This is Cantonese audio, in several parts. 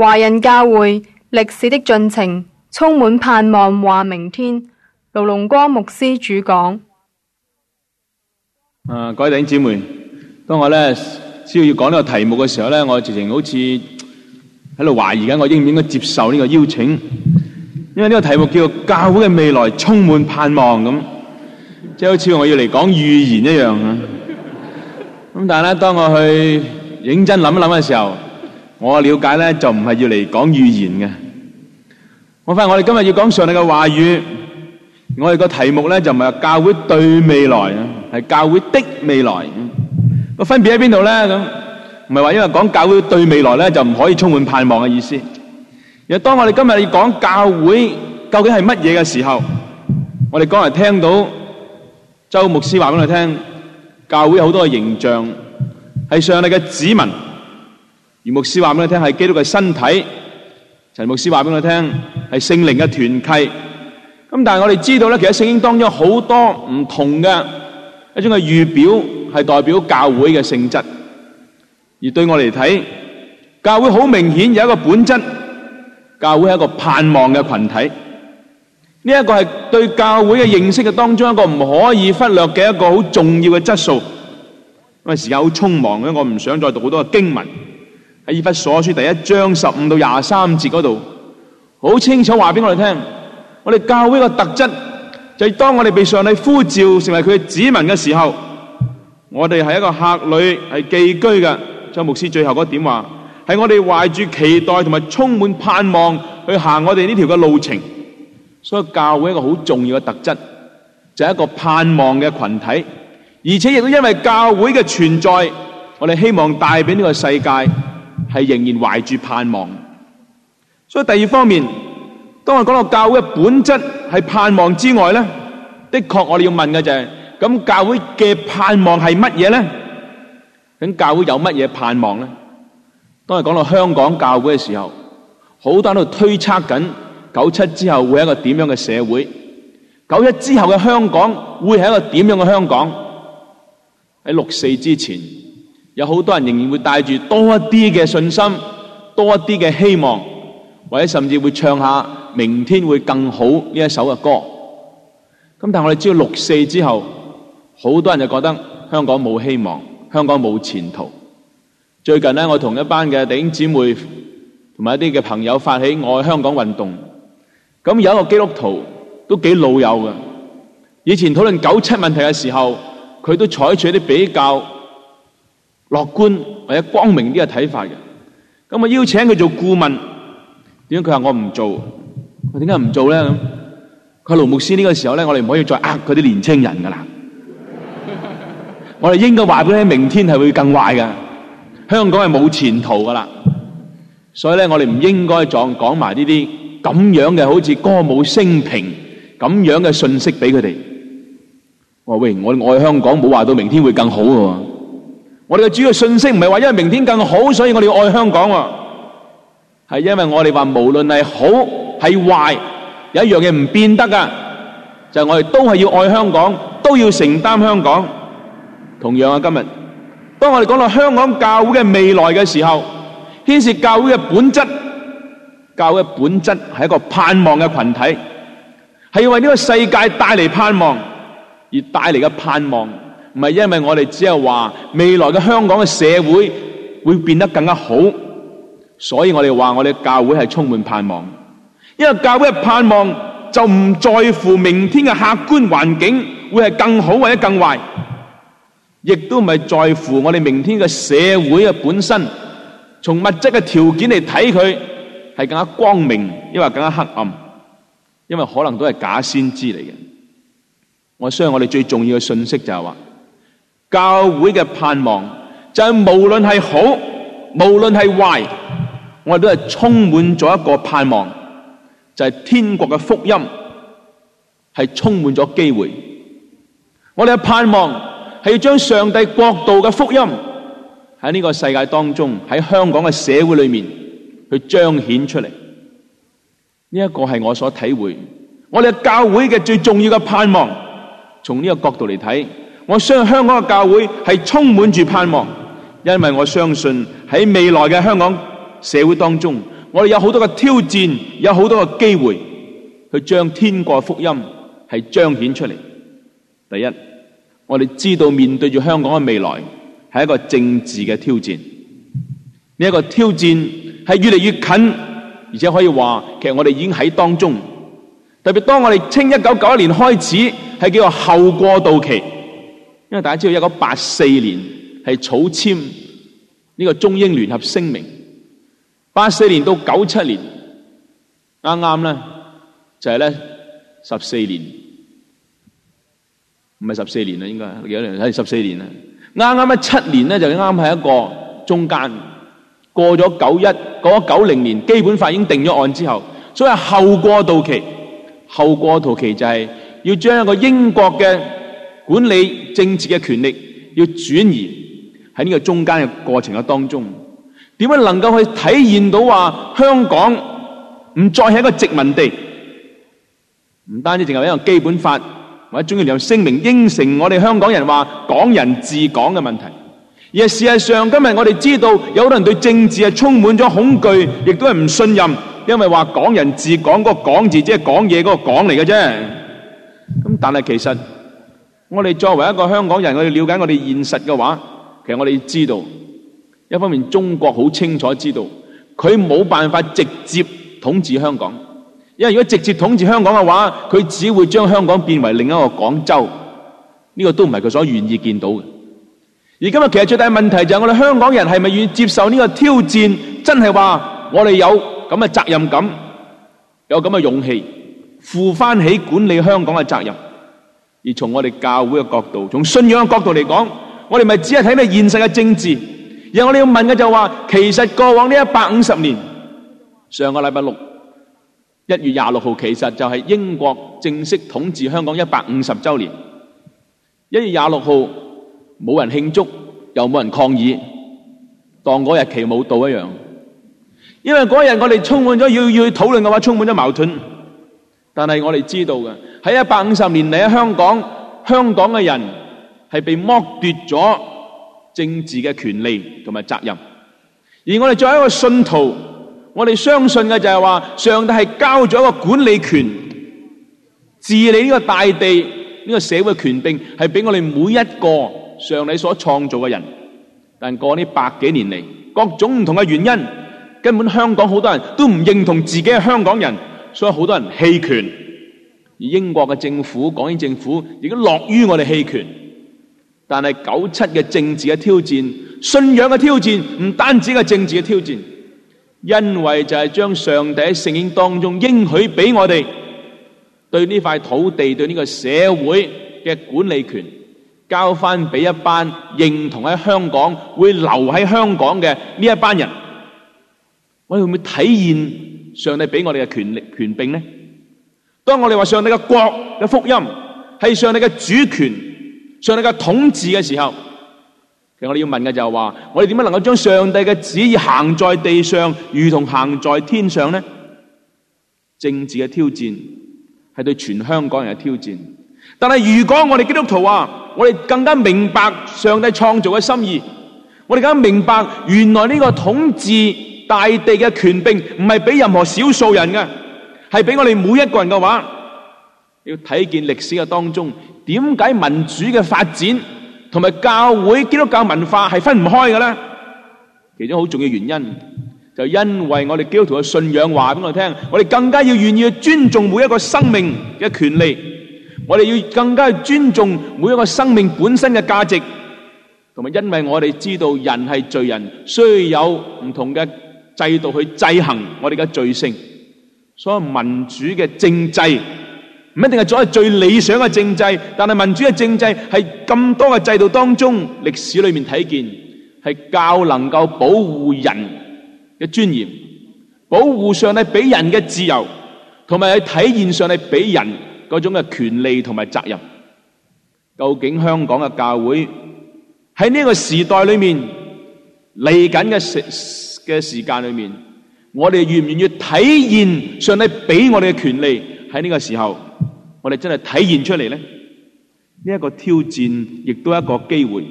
華人教會歷史的進程充滿盼望，話明天。盧龍光牧師主講。啊，各位弟兄姊妹，當我咧需要要講呢個題目嘅時候咧，我直情好似喺度懷疑緊，我應唔應該接受呢個邀請？因為呢個題目叫做「教會嘅未來充滿盼望」咁，即係、就是、好似我要嚟講預言一樣啊。咁 但係咧，當我去認真諗一諗嘅時候，我嘅了解咧，就唔係要嚟講預言嘅。我發現我哋今日要講上帝嘅話語，我哋個題目咧，就唔係教會對未來，係教會的未來。個分別喺邊度咧？咁唔係話因為講教會對未來咧，就唔可以充滿盼望嘅意思。而當我哋今日要講教會究竟係乜嘢嘅時候，我哋剛才聽到周牧師話俾你聽，教會有好多嘅形象，係上帝嘅子民。而牧師話俾你聽係基督嘅身體，陳牧師話俾我聽係聖靈嘅團契。咁但係我哋知道咧，其實聖經當中好多唔同嘅一種嘅預表，係代表教會嘅性質。而對我嚟睇，教會好明顯有一個本質，教會係一個盼望嘅群體。呢、這、一個係對教會嘅認識嘅當中一個唔可以忽略嘅一個好重要嘅質素。因為時間好匆忙嘅，我唔想再讀好多嘅經文。喺《伊弗所書》第一章十五到廿三節嗰度，好清楚話俾我哋聽。我哋教會個特質就係、是、當我哋被上帝呼召成為佢子民嘅時候，我哋係一個客旅，係寄居嘅。所以牧師最後嗰點話，係我哋懷住期待同埋充滿盼望去行我哋呢條嘅路程。所以教會一個好重要嘅特質就係、是、一個盼望嘅群體，而且亦都因為教會嘅存在，我哋希望帶俾呢個世界。係仍然懷住盼望，所以第二方面，當我講到教會嘅本質係盼望之外咧，的確我哋要問嘅就係，咁教會嘅盼望係乜嘢咧？咁教會有乜嘢盼望咧？當我講到香港教會嘅時候，好多人喺度推測緊九七之後會係一個點樣嘅社會？九一之後嘅香港會係一個點樣嘅香港？喺六四之前？有好多人仍然會帶住多一啲嘅信心、多一啲嘅希望，或者甚至會唱下明天會更好呢一首嘅歌。咁但係我哋知道六四之後，好多人就覺得香港冇希望，香港冇前途。最近呢，我同一班嘅弟兄姊妹同埋一啲嘅朋友發起愛香港運動。咁有一個基督徒都幾老友嘅，以前討論九七問題嘅時候，佢都採取一啲比較樂觀或者光明啲嘅睇法嘅，咁我邀請佢做顧問，點解佢話我唔做？佢點解唔做咧？咁佢盧牧師呢個時候咧，我哋唔可以再呃佢啲年青人噶啦。我哋應該話俾你聽，明天係會更壞嘅，香港係冇前途噶啦。所以咧，我哋唔應該再講埋呢啲咁樣嘅，好似歌舞升平咁樣嘅信息俾佢哋。我話喂，我我喺香港冇話到明天會更好嘅。我哋嘅主要信息唔係話因為明天更好，所以我哋要愛香港，係因為我哋話，無論係好係壞，有一樣嘢唔變得噶，就係、是、我哋都係要愛香港，都要承擔香港。同樣啊，今日當我哋講到香港教會嘅未來嘅時候，牽涉教會嘅本質，教會嘅本質係一個盼望嘅群體，係要為呢個世界帶嚟盼望而帶嚟嘅盼望。而帶來的盼望唔係因為我哋只係話未來嘅香港嘅社會會變得更加好，所以我哋話我哋教會係充滿盼望。因為教會嘅盼望就唔在乎明天嘅客觀環境會係更好或者更壞，亦都唔係在乎我哋明天嘅社會嘅本身，從物質嘅條件嚟睇佢係更加光明，抑或更加黑暗，因為可能都係假先知嚟嘅。我相信我哋最重要嘅信息就係話。教會嘅盼望就係無論係好，無論係壞，我哋都係充滿咗一個盼望，就係天國嘅福音係充滿咗機會。我哋嘅盼望係要將上帝國度嘅福音喺呢個世界當中，喺香港嘅社會裏面去彰顯出嚟。呢一個係我所體會，我哋教會嘅最重要嘅盼望，從呢個角度嚟睇。我相信香港嘅教會係充滿住盼望，因為我相信喺未來嘅香港社會當中，我哋有好多嘅挑戰，有好多嘅機會去將天國福音係彰顯出嚟。第一，我哋知道面對住香港嘅未來係一個政治嘅挑戰，呢一個挑戰係越嚟越近，而且可以話其實我哋已經喺當中。特別當我哋清一九九一年開始係叫做後過渡期。因為大家知道，一九八四年係草簽呢個中英聯合聲明，八四年到九七年，啱啱咧就係咧十四年，唔係十四年啦，應該幾多年？係十四年啦，啱啱一七年咧，就啱喺一個中間，過了 91, 過了90年，過咗九一，過咗九零年基本法已經定咗案之後，所以後過渡期，後過渡期就係要將一個英國嘅。管理政治嘅權力要轉移喺呢個中間嘅過程嘅當中，點樣能夠去體現到話香港唔再係一個殖民地？唔單止淨係一個基本法或者中英聯合聲明應承我哋香港人話港人治港嘅問題，而係事實上今日我哋知道有好多人對政治係充滿咗恐懼，亦都係唔信任，因為話港人治港嗰個港字，即係講嘢嗰個港嚟嘅啫。咁但係其實。我哋作為一個香港人，我哋了解我哋現實嘅話，其實我哋知道，一方面中國好清楚知道，佢冇辦法直接統治香港，因為如果直接統治香港嘅話，佢只會將香港變為另一個廣州，呢個都唔係佢所願意見到嘅。而今日其實最大問題就係我哋香港人係咪願意接受呢個挑戰？真係話我哋有咁嘅責任感，有咁嘅勇氣，負翻起管理香港嘅責任。而從我哋教會嘅角度，從信仰嘅角度嚟講，我哋咪只係睇咩現實嘅政治。而我哋要問嘅就話，其實過往呢一百五十年，上個禮拜六一月廿六號，其實就係英國正式統治香港一百五十周年。一月廿六號冇人慶祝，又冇人抗議，當嗰日期冇到一樣。因為嗰日我哋充滿咗要要去討論嘅話，充滿咗矛盾。但係我哋知道嘅喺一百五十年嚟，喺香港，香港嘅人係被剝奪咗政治嘅權利同埋責任。而我哋作為一個信徒，我哋相信嘅就係話上帝係交咗一個管理權、治理呢個大地、呢、呢個社會嘅權柄，係俾我哋每一個上帝所創造嘅人。但過呢百幾年嚟，各種唔同嘅原因，根本香港好多人都唔認同自己係香港人。所以好多人棄權，而英國嘅政府、港英政府亦都樂於我哋棄權。但係九七嘅政治嘅挑戰、信仰嘅挑戰，唔單止係政治嘅挑戰，因為就係將上帝喺聖經當中應許俾我哋對呢塊土地、對呢個社會嘅管理權，交翻俾一班認同喺香港會留喺香港嘅呢一班人，我哋會唔會體現？上帝俾我哋嘅權力權柄呢？當我哋話上帝嘅國嘅福音係上帝嘅主權、上帝嘅統治嘅時候，其實我哋要問嘅就係話，我哋點樣能夠將上帝嘅旨意行在地上，如同行在天上呢？政治嘅挑戰係對全香港人嘅挑戰，但係如果我哋基督徒啊，我哋更加明白上帝創造嘅心意，我哋更加明白原來呢個統治。大地嘅權柄唔係俾任何少數人嘅，係俾我哋每一個人嘅話，要睇見歷史嘅當中，點解民主嘅發展同埋教會基督教文化係分唔開嘅咧？其中好重要原因就因為我哋基督徒嘅信仰話俾我聽，我哋更加要願意去尊重每一個生命嘅權利，我哋要更加尊重每一個生命本身嘅價值，同埋因為我哋知道人係罪人，需要有唔同嘅。制度去制衡我哋嘅罪性，所以民主嘅政制唔一定係做係最理想嘅政制，但係民主嘅政制係咁多嘅制度當中，歷史裏面睇見係較能夠保護人嘅尊嚴，保護上帝俾人嘅自由，同埋係體現上帝俾人嗰種嘅權利同埋責任。究竟香港嘅教會喺呢個時代裏面嚟緊嘅嘅時間裏面，我哋願唔願意體現上帝俾我哋嘅權利？喺呢個時候，我哋真係體現出嚟咧。呢一個挑戰，亦都係一個機會，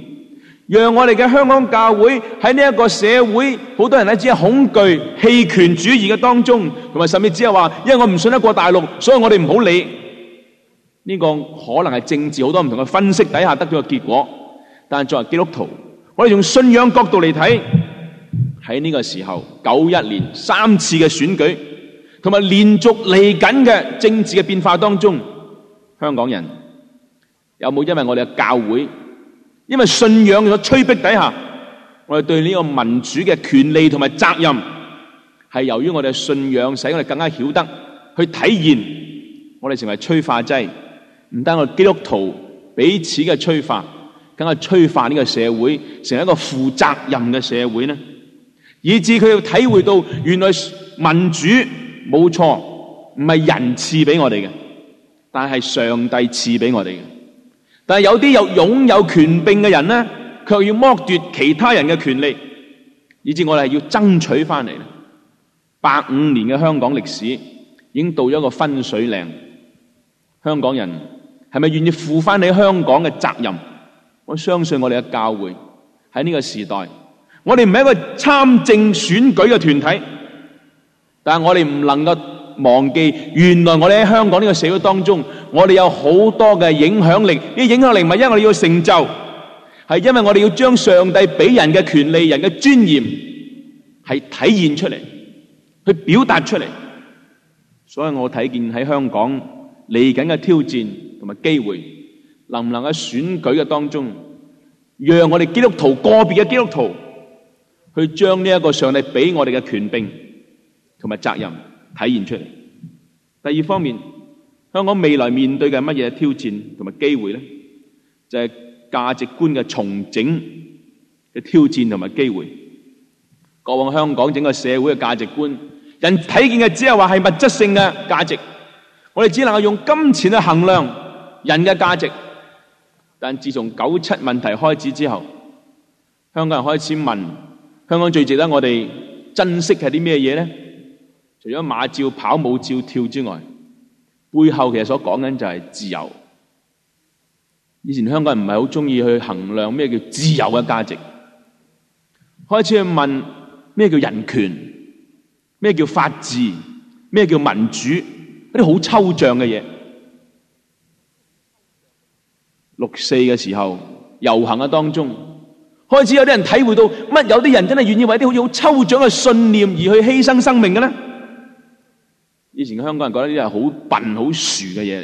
讓我哋嘅香港教會喺呢一個社會，好多人咧只係恐懼、棄權主義嘅當中，同埋甚至只係話，因為我唔信得過大陸，所以我哋唔好理。呢個可能係政治好多唔同嘅分析底下得到嘅結果。但係作為基督徒，我哋用信仰角度嚟睇。喺呢個時候，九一年三次嘅選舉，同埋連續嚟緊嘅政治嘅變化當中，香港人有冇因為我哋嘅教會，因為信仰所催逼底下，我哋對呢個民主嘅權利同埋責任，係由於我哋嘅信仰使我哋更加曉得去體現，我哋成為催化劑。唔單係基督徒彼此嘅催化，更加催化呢個社會成為一個負責任嘅社會呢？以至佢要體會到，原來民主冇錯，唔係人賜俾我哋嘅，但係上帝賜俾我哋嘅。但係有啲有擁有權柄嘅人咧，卻要剝奪其他人嘅權利，以至我哋係要爭取翻嚟。八五年嘅香港歷史已經到咗一個分水嶺，香港人係咪願意負翻起香港嘅責任？我相信我哋嘅教會喺呢個時代。我哋唔係一個參政選舉嘅團體，但係我哋唔能夠忘記，原來我哋喺香港呢個社會當中，我哋有好多嘅影響力。呢影響力唔係因為我哋要成就，係因為我哋要將上帝俾人嘅權利、人嘅尊嚴係體現出嚟，去表達出嚟。所以我睇見喺香港嚟緊嘅挑戰同埋機會，能唔能夠選舉嘅當中，讓我哋基督徒個別嘅基督徒，去將呢一個上帝俾我哋嘅權柄同埋責任體現出嚟。第二方面，香港未來面對嘅乜嘢挑戰同埋機會咧？就係價值觀嘅重整嘅挑戰同埋機會。過往香港整個社會嘅價值觀，人睇見嘅只係話係物質性嘅價值，我哋只能夠用金錢去衡量人嘅價值。但自從九七問題開始之後，香港人開始問。香港最值得我哋珍惜係啲咩嘢咧？除咗馬照跑、舞照跳之外，背後其實所講緊就係自由。以前香港人唔係好中意去衡量咩叫自由嘅價值，開始去問咩叫人權、咩叫法治、咩叫民主，一啲好抽象嘅嘢。六四嘅時候遊行嘅當中。開始有啲人體會到乜？有啲人真係願意為啲好似好抽象嘅信念而去犧牲生命嘅咧？以前香港人覺得呢啲係好笨好傻嘅嘢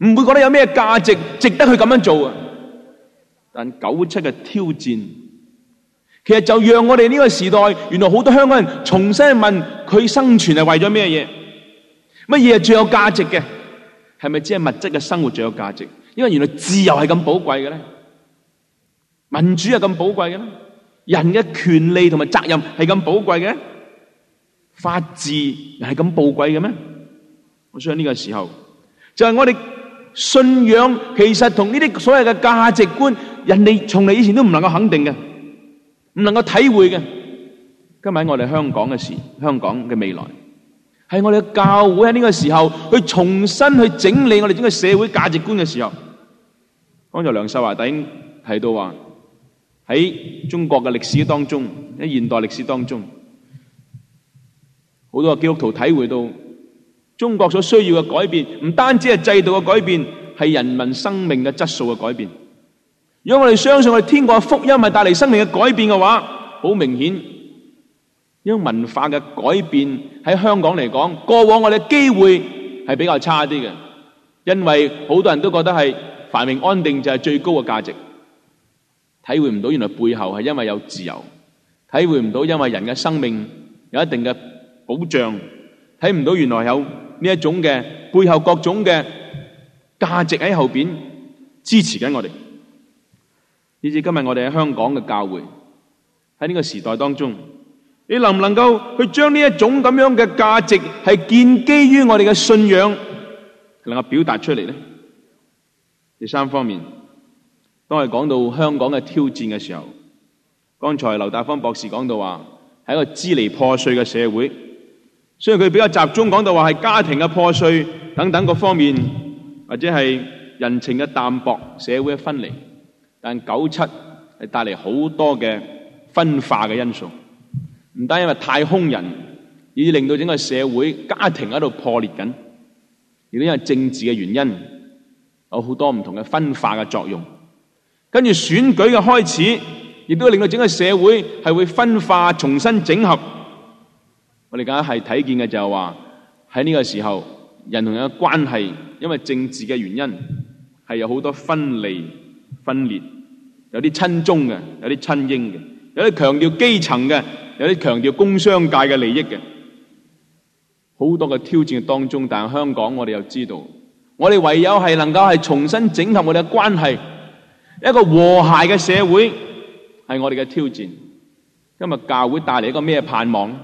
嚟，唔會覺得有咩價值值得去咁樣做啊！但九七嘅挑戰，其實就讓我哋呢個時代，原來好多香港人重新問：「問佢生存係為咗咩嘢？乜嘢係最有價值嘅？係咪只係物質嘅生活最有價值？因為原來自由係咁寶貴嘅咧？民主又咁寶貴嘅咩？人嘅權利同埋責任係咁寶貴嘅？法治係咁寶貴嘅咩？我想呢個時候就係我哋信仰，其實同呢啲所謂嘅價值觀，人哋從嚟以前都唔能夠肯定嘅，唔能夠體會嘅。今日喺我哋香港嘅時，香港嘅未來，係我哋嘅教會喺呢個時候去重新去整理我哋整個社會價值觀嘅時候。剛才羅曼華已經提到話。喺中國嘅歷史當中，喺現代歷史當中，好多基督徒體會到中國所需要嘅改變，唔單止係制度嘅改變，係人民生命嘅質素嘅改變。如果我哋相信我哋天國嘅福音係帶嚟生命嘅改變嘅話，好明顯，因文化嘅改變喺香港嚟講，過往我哋嘅機會係比較差啲嘅，因為好多人都覺得係繁榮安定就係最高嘅價值。體會唔到，原來背後係因為有自由；體會唔到，因為人嘅生命有一定嘅保障；睇唔到，原來有呢一種嘅背後各種嘅價值喺後邊支持緊我哋。以至今日我哋喺香港嘅教會喺呢個時代當中，你能唔能夠去將呢一種咁樣嘅價值係建基於我哋嘅信仰，能夠表達出嚟咧？第三方面。當係講到香港嘅挑戰嘅時候，剛才劉達芳博士講到話，係一個支離破碎嘅社會，雖然佢比較集中講到話係家庭嘅破碎等等各方面，或者係人情嘅淡薄、社會嘅分離，但九七係帶嚟好多嘅分化嘅因素，唔單因為太空人，而令到整個社會家庭喺度破裂緊，亦都因為政治嘅原因，有好多唔同嘅分化嘅作用。跟住選舉嘅開始，亦都令到整個社會係會分化、重新整合。我哋梗係睇見嘅就係話，喺呢個時候，人同人嘅關係，因為政治嘅原因，係有好多分離、分裂，有啲親中嘅，有啲親英嘅，有啲強調基層嘅，有啲強調工商界嘅利益嘅，好多嘅挑戰當中。但係香港，我哋又知道，我哋唯有係能夠係重新整合我哋嘅關係。一個和諧嘅社會係我哋嘅挑戰。今日教會帶嚟一個咩盼望？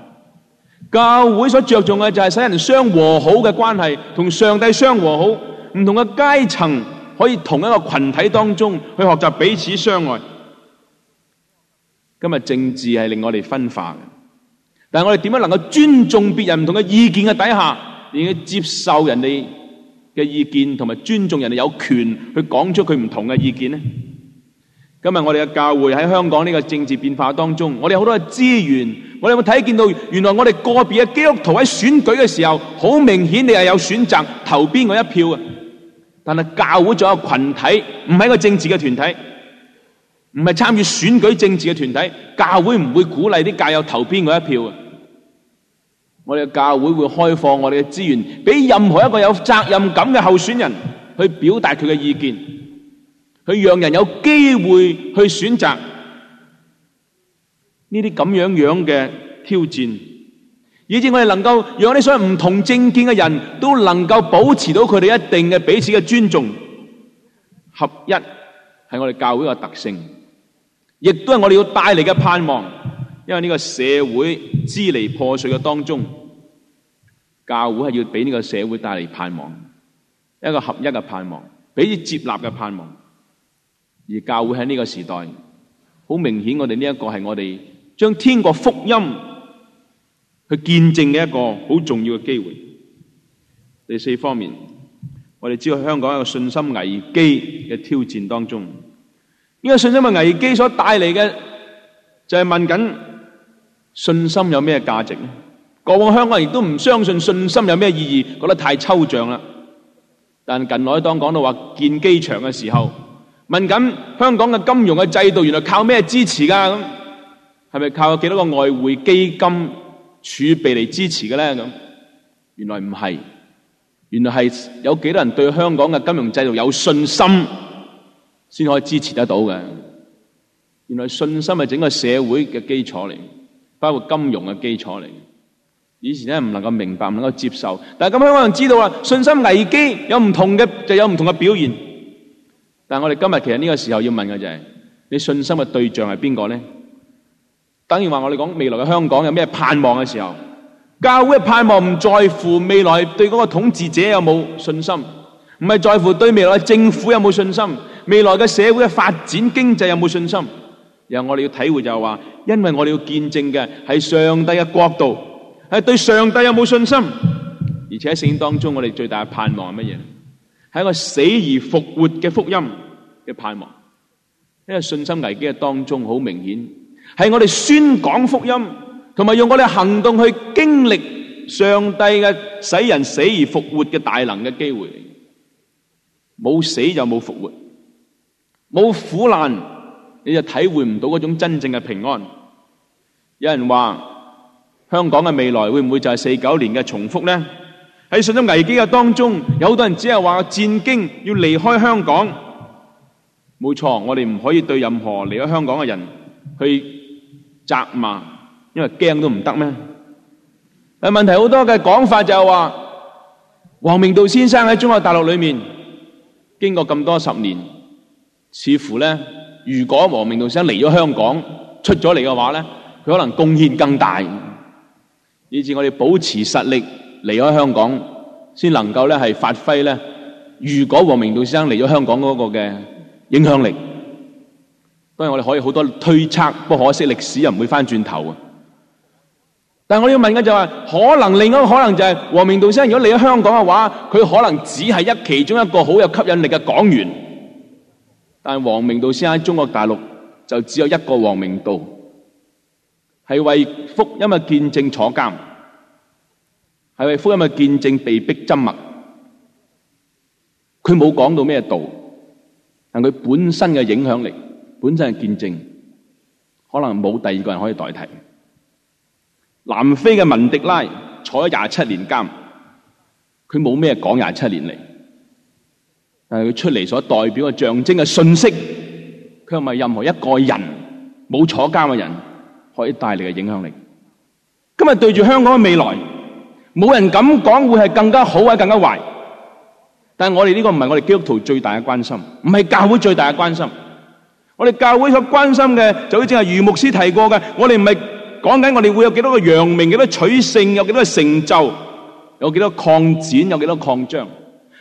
教會所着重嘅就係使人相和好嘅關係，同上帝相和好。唔同嘅階層可以同一個群體當中去學習彼此相愛。今日政治係令我哋分化嘅，但係我哋點樣能夠尊重別人唔同嘅意見嘅底下，而接受人哋嘅意見，同埋尊重人哋有權去講出佢唔同嘅意見呢？今日我哋嘅教會喺香港呢個政治變化當中，我哋好多嘅資源，我哋有冇睇見到？原來我哋個別嘅基督徒喺選舉嘅時候，好明顯你係有選擇投邊個一票啊，但係教會仲有個群體，唔係一個政治嘅團體，唔係參與選舉政治嘅團體，教會唔會鼓勵啲教友投邊個一票啊，我哋嘅教會會開放我哋嘅資源，俾任何一個有責任感嘅候選人去表達佢嘅意見。佢讓人有機會去選擇呢啲咁樣樣嘅挑戰，以至我哋能夠讓啲所有唔同政見嘅人都能夠保持到佢哋一定嘅彼此嘅尊重，合一係我哋教會嘅特性，亦都係我哋要帶嚟嘅盼望。因為呢個社會支離破碎嘅當中，教會係要俾呢個社會帶嚟盼望，一個合一嘅盼望，俾接納嘅盼望。而教會喺呢個時代，好明顯，我哋呢一個係我哋將天國福音去見證嘅一個好重要嘅機會。第四方面，我哋知道香港係一個信心危機嘅挑戰當中，呢個信心嘅危機所帶嚟嘅就係、是、問緊信心有咩價值咧？過往香港人都唔相信信心有咩意義，覺得太抽象啦。但近來當講到話建機場嘅時候，問緊香港嘅金融嘅制度，原來靠咩支持噶？咁係咪靠幾多個外匯基金儲備嚟支持嘅咧？咁原來唔係，原來係有幾多人對香港嘅金融制度有信心，先可以支持得到嘅。原來信心係整個社會嘅基礎嚟，包括金融嘅基礎嚟。以前咧唔能夠明白，唔能夠接受。但係咁香港人知道啊，信心危機有唔同嘅，就有唔同嘅表現。但係我哋今日其實呢個時候要問嘅就係，你信心嘅對象係邊個咧？等於話我哋講未來嘅香港有咩盼望嘅時候，教會盼望唔在乎未來對嗰個統治者有冇信心，唔係在乎對未來政府有冇信心，未來嘅社會嘅發展、經濟有冇信心。然後我哋要體會就係話，因為我哋要見證嘅係上帝嘅國度，係對上帝有冇信心，而且喺聖經當中我哋最大嘅盼望係乜嘢？係一個死而復活嘅福音嘅盼望，喺個信心危機嘅當中，好明顯係我哋宣講福音，同埋用我哋行動去經歷上帝嘅使人死而復活嘅大能嘅機會嚟。冇死就冇復活，冇苦難你就體會唔到嗰種真正嘅平安。有人話香港嘅未來會唔會就係四九年嘅重復呢？喺信心危機嘅當中，有好多人只係話戰經要離開香港。冇錯，我哋唔可以對任何離開香港嘅人去責罵，因為驚都唔得咩？但問題好多嘅講法就係話，王明道先生喺中國大陸裏面經過咁多十年，似乎咧，如果王明道先生離咗香港出咗嚟嘅話咧，佢可能貢獻更大，以致我哋保持實力。離開香港，先能夠咧係發揮咧。如果王明道先生嚟咗香港嗰個嘅影響力，當然我哋可以好多推測，不可惜歷史又唔會翻轉頭啊！但係我要問嘅就係，可能另一個可能就係王明道先生如果嚟咗香港嘅話，佢可能只係一其中一個好有吸引力嘅講員。但係王明道先生喺中國大陸就只有一個王明道，係為福音嘅見證坐監。係咪福音嘅見證被逼沉默？佢冇講到咩道，但佢本身嘅影響力、本身嘅見證，可能冇第二個人可以代替。南非嘅文迪拉坐咗廿七年監，佢冇咩講廿七年嚟，但係佢出嚟所代表嘅象徵嘅信息，佢唔係任何一個人冇坐監嘅人可以帶嚟嘅影響力。今日對住香港嘅未來。冇人敢講會係更加好或者更加壞，但係我哋呢個唔係我哋基督徒最大嘅關心，唔係教會最大嘅關心。我哋教會所關心嘅，就好似阿余牧師提過嘅，我哋唔係講緊我哋會有幾多個揚名，幾多取勝，有幾多成就，有幾多擴展，有幾多擴張。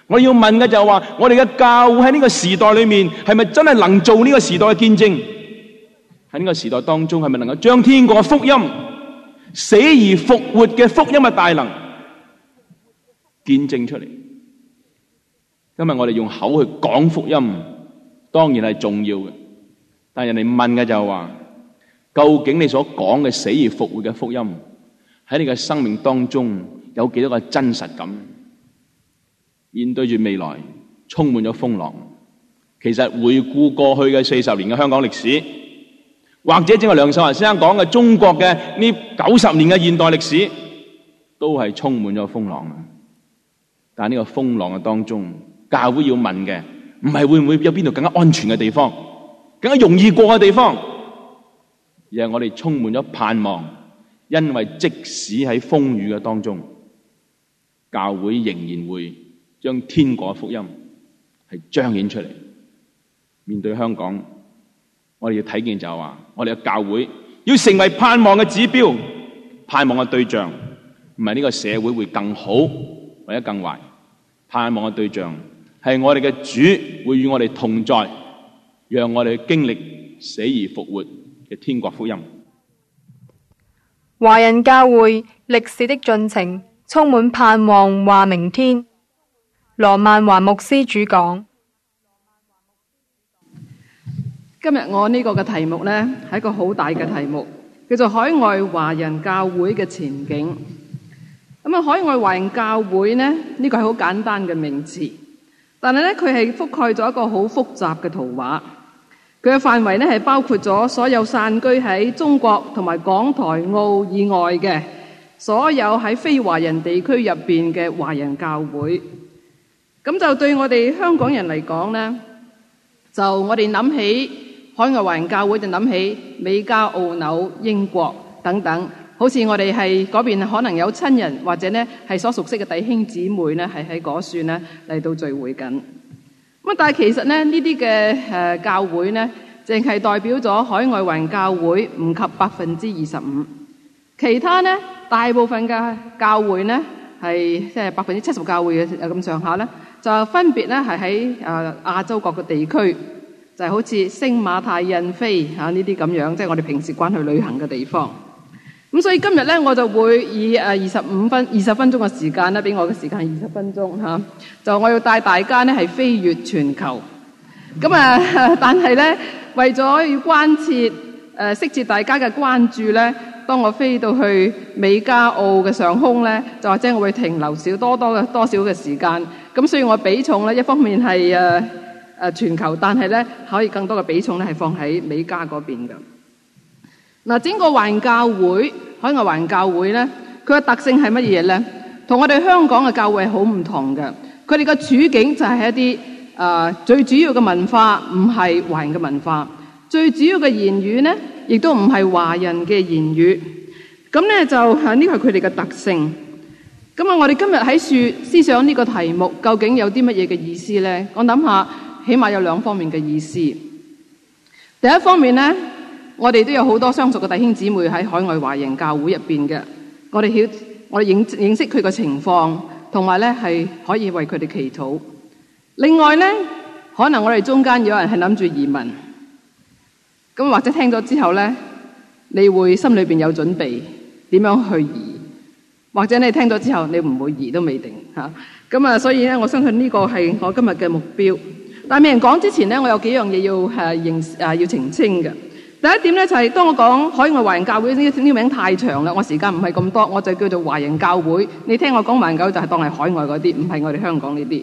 我要問嘅就係話，我哋嘅教會喺呢個時代裏面，係咪真係能做呢個時代嘅見證？喺呢個時代當中，係咪能夠將天國嘅福音死而復活嘅福音嘅大能？見證出嚟，今日我哋用口去講福音，當然係重要嘅。但係人哋問嘅就係話，究竟你所講嘅死而復活嘅福音，喺你嘅生命當中有幾多個真實感？面對住未來充滿咗風浪，其實回顧過去嘅四十年嘅香港歷史，或者正係梁秀華先生講嘅中國嘅呢九十年嘅現代歷史，都係充滿咗風浪。但呢個風浪嘅當中，教會要問嘅唔係會唔會有邊度更加安全嘅地方，更加容易過嘅地方，而係我哋充滿咗盼望，因為即使喺風雨嘅當中，教會仍然會將天國嘅福音係彰顯出嚟。面對香港，我哋要睇見就係話，我哋嘅教會要成為盼望嘅指標、盼望嘅對象，唔係呢個社會會更好或者更壞。盼望嘅對象係我哋嘅主會與我哋同在，讓我哋經歷死而復活嘅天國福音。華人教會歷史的進程充滿盼望話明天。羅曼華牧師主講。今日我呢個嘅題目呢，係一個好大嘅題目，叫做海外華人教會嘅前景。咁海外華人教會呢，呢、呢個係好簡單嘅名詞，但係呢，佢係覆蓋咗一個好複雜嘅圖畫。佢嘅範圍呢，係包括咗所有散居喺中國同埋港台澳以外嘅所有喺非華人地區入邊嘅華人教會。咁就對我哋香港人嚟講呢，就我哋諗起海外華人教會，就諗起美加澳紐、英國等等。好似我哋係嗰邊可能有親人或者呢，係所熟悉嘅弟兄姊妹呢，係喺嗰處，呢嚟到聚會緊。咁但係其實呢呢啲嘅誒教會呢，淨係代表咗海外環教會唔及百分之二十五，其他呢，大部分嘅教會呢，係即係百分之七十教會嘅咁上下呢，就分別呢係喺誒亞洲各個地區，就好似星馬泰印菲呢啲咁樣，即係我哋平時關去旅行嘅地方。咁所以今日咧，我就會以誒二十五分二十分鐘嘅時間咧，俾我嘅時間二十分鐘吓、啊，就我要帶大家呢，係飛越全球。咁啊，但係呢，為咗要關切誒，適、呃、切大家嘅關注呢，當我飛到去美加澳嘅上空呢，就或者我會停留少多多嘅多少嘅時間。咁所以我比重呢，一方面係誒誒全球，但係呢，可以更多嘅比重呢，係放喺美加嗰邊嘅。嗱，整個華人教會海外華人教會咧，佢嘅特性係乜嘢咧？同我哋香港嘅教會好唔同嘅。佢哋嘅處境就係一啲誒、呃、最主要嘅文化唔係華人嘅文化，最主要嘅言語呢，亦都唔係華人嘅言語。咁咧就係呢、這個係佢哋嘅特性。咁啊，我哋今日喺度思想呢個題目，究竟有啲乜嘢嘅意思咧？我諗下，起碼有兩方面嘅意思。第一方面咧。我哋都有好多相熟嘅弟兄姊妹喺海外華人教會入邊嘅，我哋曉我哋認認識佢嘅情況，同埋咧係可以為佢哋祈禱。另外咧，可能我哋中間有人係諗住移民，咁或者聽咗之後咧，你會心裏邊有準備點樣去移，或者你聽咗之後你唔會移都未定吓。咁啊，啊，所以咧，我相信呢個係我今日嘅目標。但係未人講之前咧，我有幾樣嘢要誒認誒要澄清嘅。第一點咧就係，當我講海外華人教會呢啲名太長啦，我時間唔係咁多，我就叫做華人教會。你聽我講華人教會就係當係海外嗰啲，唔係我哋香港呢啲。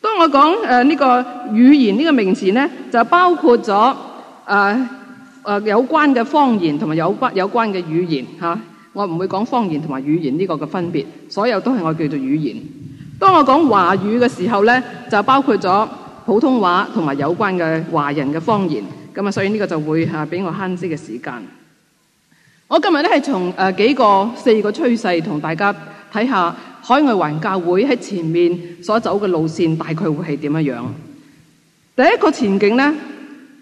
當我講誒呢個語言呢個名詞呢，就包括咗誒誒有關嘅方言同埋有關有關嘅語言吓，我唔會講方言同埋語言呢個嘅分別，所有都係我叫做語言。當我講華語嘅時候呢，就包括咗普通話同埋有關嘅華人嘅方言。咁啊，所以呢個就會嚇俾我慳啲嘅時間。我今日咧係從誒幾個四個趨勢同大家睇下海外環教會喺前面所走嘅路線大概會係點樣。第一個前景咧，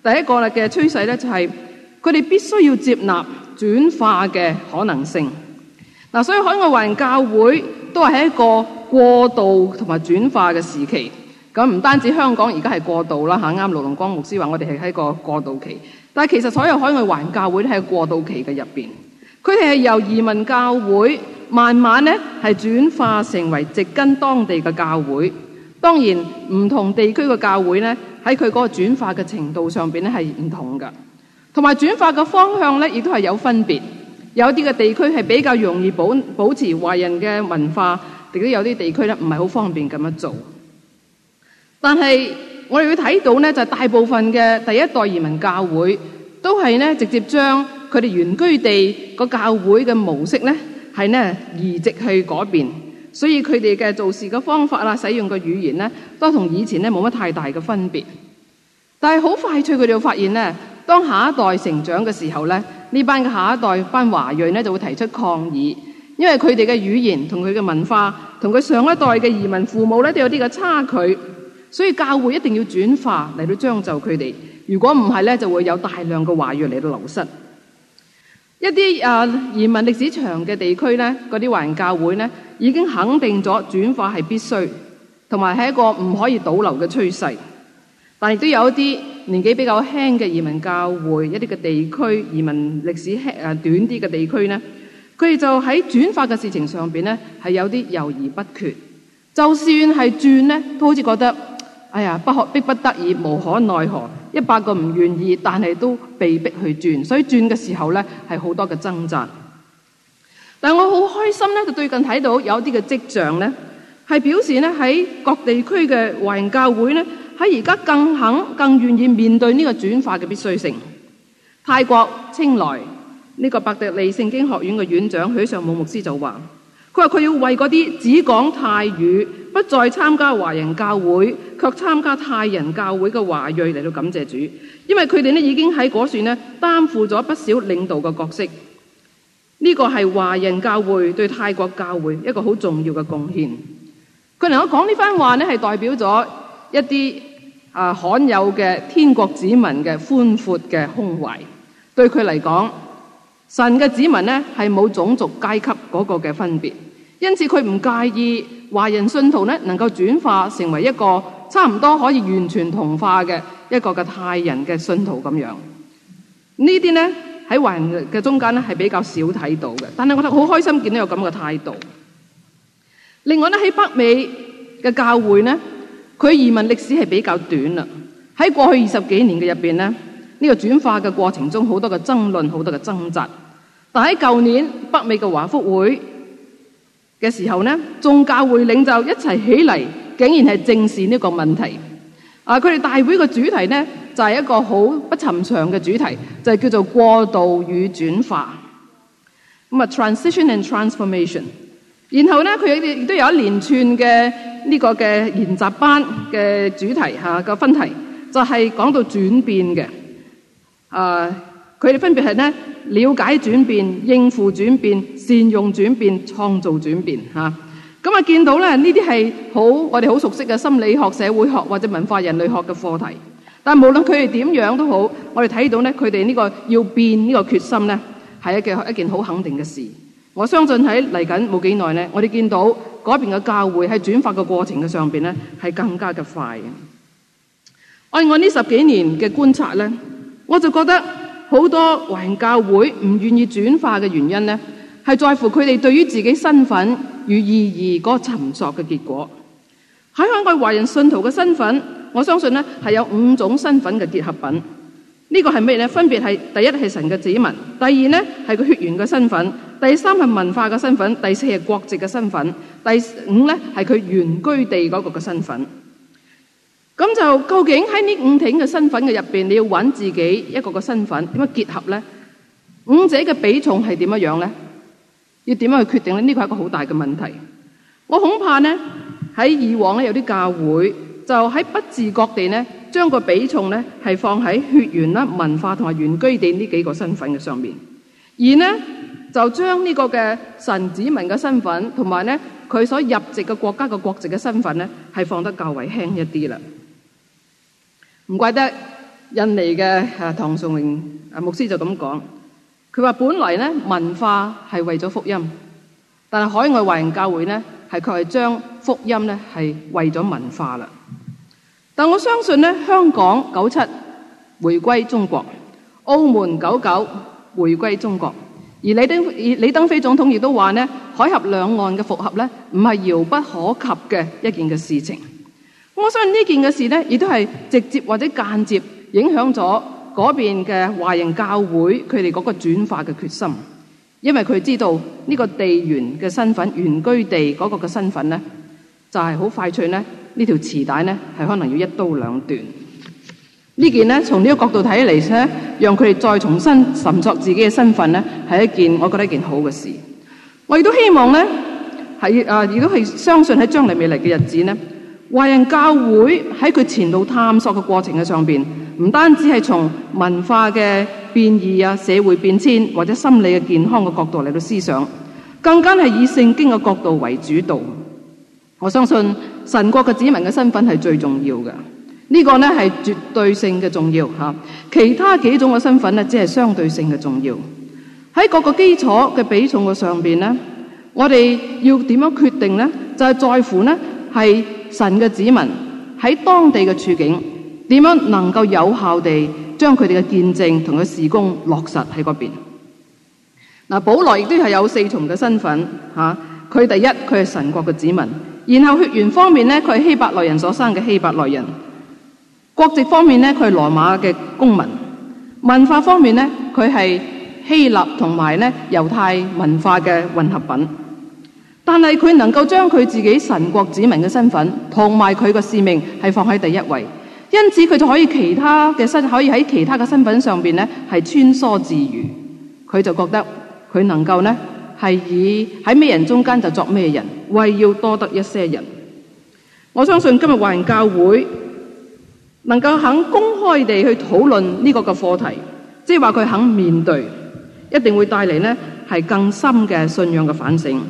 第一個嘅趨勢咧就係佢哋必須要接納轉化嘅可能性。嗱，所以海外環教會都係喺一個過渡同埋轉化嘅時期。咁唔單止香港而家係過渡啦嚇，啱盧龍光牧師話：我哋係喺個過渡期。但其實所有海外華人教會都喺過渡期嘅入面。佢哋係由移民教會慢慢咧係轉化成為植根當地嘅教會。當然唔同地區嘅教會咧，喺佢嗰個轉化嘅程度上面咧係唔同㗎。同埋轉化嘅方向咧亦都係有分別。有啲嘅地區係比較容易保保持華人嘅文化，亦都有啲地區咧唔係好方便咁樣做。但係我哋會睇到呢，就大部分嘅第一代移民教會都係呢直接將佢哋原居地個教會嘅模式呢係呢移植去嗰邊，所以佢哋嘅做事嘅方法啦、使用嘅語言呢，都同以前呢冇乜太大嘅分別。但係好快脆，佢哋就發現呢，當下一代成長嘅時候呢，呢班嘅下一代班華裔呢就會提出抗議，因為佢哋嘅語言同佢嘅文化同佢上一代嘅移民父母呢都有啲嘅差距。所以教會一定要轉化嚟到將就佢哋，如果唔係咧，就會有大量嘅華裔嚟到流失。一啲誒移民歷史長嘅地區咧，嗰啲華人教會咧已經肯定咗轉化係必須，同埋係一個唔可以倒流嘅趨勢。但亦都有一啲年紀比較輕嘅移民教會，一啲嘅地區移民歷史誒短啲嘅地區咧，佢哋就喺轉化嘅事情上邊咧係有啲猶疑不決。就算係轉咧，都好似覺得。哎呀，不可逼不得已，無可奈何。一百個唔願意，但係都被逼去轉，所以轉嘅時候呢，係好多嘅掙扎。但我好開心呢，就最近睇到有啲嘅跡象呢，係表示呢，喺各地區嘅華人教會呢，喺而家更肯、更願意面對呢個轉化嘅必須性。泰國清萊呢個伯特利聖經學院嘅院長許尚武牧師就話，佢話佢要為嗰啲只講泰語。不再參加華人教會，卻參加泰人教會嘅華裔嚟到感謝主，因為佢哋咧已經喺嗰處咧擔負咗不少領導嘅角色。呢個係華人教會對泰國教會一個好重要嘅貢獻。佢能夠講呢番話咧，係代表咗一啲啊罕有嘅天國子民嘅寬闊嘅胸懷。對佢嚟講，神嘅子民咧係冇種族階級嗰個嘅分別。因此佢唔介意華人信徒咧，能夠轉化成為一個差唔多可以完全同化嘅一個嘅泰人嘅信徒咁樣這些呢。呢啲咧喺華人嘅中間咧係比較少睇到嘅，但係我就好開心見到有咁嘅態度。另外咧喺北美嘅教會咧，佢移民歷史係比較短啦。喺過去二十幾年嘅入邊咧，呢、呢個轉化嘅過程中好多嘅爭論、好多嘅掙扎。但喺舊年北美嘅華福會嘅時候呢，眾教會領袖一齊起嚟，竟然係正視呢個問題。啊，佢哋大會嘅主題呢，就係、是、一個好不尋常嘅主題，就係叫做過渡與轉化。咁啊，Transition and Transformation。然後呢，佢哋亦都有一連串嘅呢、這個嘅研習班嘅主題嚇嘅、啊這個、分題，就係、是、講到轉變嘅。啊佢哋分別係咧，瞭解轉變、應付轉變、善用轉變、創造轉變嚇。咁啊，見到咧呢啲係好我哋好熟悉嘅心理學、社會學或者文化人類學嘅課題。但係無論佢哋點樣都好，我哋睇到呢，佢哋呢個要變呢個決心呢，係一件一件好肯定嘅事。我相信喺嚟緊冇幾耐呢，我哋見到嗰邊嘅教會喺轉發嘅過程嘅上邊呢，係更加嘅快嘅。按我呢十幾年嘅觀察呢，我就覺得。好多華人教會唔願意轉化嘅原因呢，係在乎佢哋對於自己身份與意義嗰個尋索嘅結果。喺香港華人信徒嘅身份，我相信呢係有五種身份嘅結合品。呢、這個係咩呢？分別係第一係神嘅子民，第二呢，係佢血緣嘅身份，第三係文化嘅身份，第四係國籍嘅身份，第五呢，係佢原居地嗰個嘅身份。咁就究竟喺呢五挺嘅身份嘅入邊，你要揾自己一個個身份點樣結合咧？五者嘅比重係點樣樣咧？要點樣去決定咧？呢個係一個好大嘅問題。我恐怕呢，喺以往咧有啲教會就喺不自覺地呢，將個比重呢係放喺血緣啦、文化同埋原居地呢幾個身份嘅上面，而呢，就將呢個嘅神子民嘅身份同埋呢佢所入籍嘅國家嘅國籍嘅身份呢，係放得較為輕一啲啦。唔怪得印尼嘅啊唐崇榮啊牧師就咁講，佢話本來咧，文化係為咗福音，但係海外華人教會呢，係佢係將福音咧係為咗文化啦。但我相信呢，香港九七回歸中國，澳門九九回歸中國，而李登而李登輝總統亦都話呢，海峽兩岸嘅復合咧唔係遙不可及嘅一件嘅事情。我相信呢件嘅事呢，亦都係直接或者間接影響咗嗰邊嘅華人教會佢哋嗰個轉化嘅決心，因為佢知道呢個地緣嘅身份、原居地嗰個嘅身份呢，就係好快脆呢，呢條磁帶呢，係可能要一刀兩斷。呢件呢，從呢個角度睇起嚟咧，讓佢哋再重新尋索自己嘅身份呢，係一件我覺得一件好嘅事。我亦都希望呢，係啊亦都係相信喺將來未嚟嘅日子呢。華人教會喺佢前路探索嘅過程嘅上邊，唔單止係從文化嘅變異啊、社會變遷或者心理嘅健康嘅角度嚟到思想，更加係以聖經嘅角度為主導。我相信神國嘅子民嘅身份係最重要嘅呢，呢個呢係絕對性嘅重要吓，其他幾種嘅身份呢，只係相對性嘅重要。喺各個基礎嘅比重嘅上邊呢，我哋要點樣決定呢？就係、是、在乎呢係。神嘅子民喺當地嘅處境點樣能夠有效地將佢哋嘅見證同佢事工落實喺嗰邊？嗱，保羅亦都係有四重嘅身份吓，佢第一，佢係神國嘅子民，然後血緣方面咧，佢係希伯來人所生嘅希伯來人，國籍方面咧，佢係羅馬嘅公民，文化方面咧，佢係希臘同埋咧猶太文化嘅混合品。但係佢能夠將佢自己神國子民嘅身份同埋佢個使命係放喺第一位，因此佢就可以其他嘅身可以喺其他嘅身份上邊呢係穿梭自如。佢就覺得佢能夠呢係以喺咩人中間就作咩人，為要多得一些人。我相信今日華人教會能夠肯公開地去討論呢個嘅課題，即係話佢肯面對，一定會帶嚟呢係更深嘅信仰嘅反省。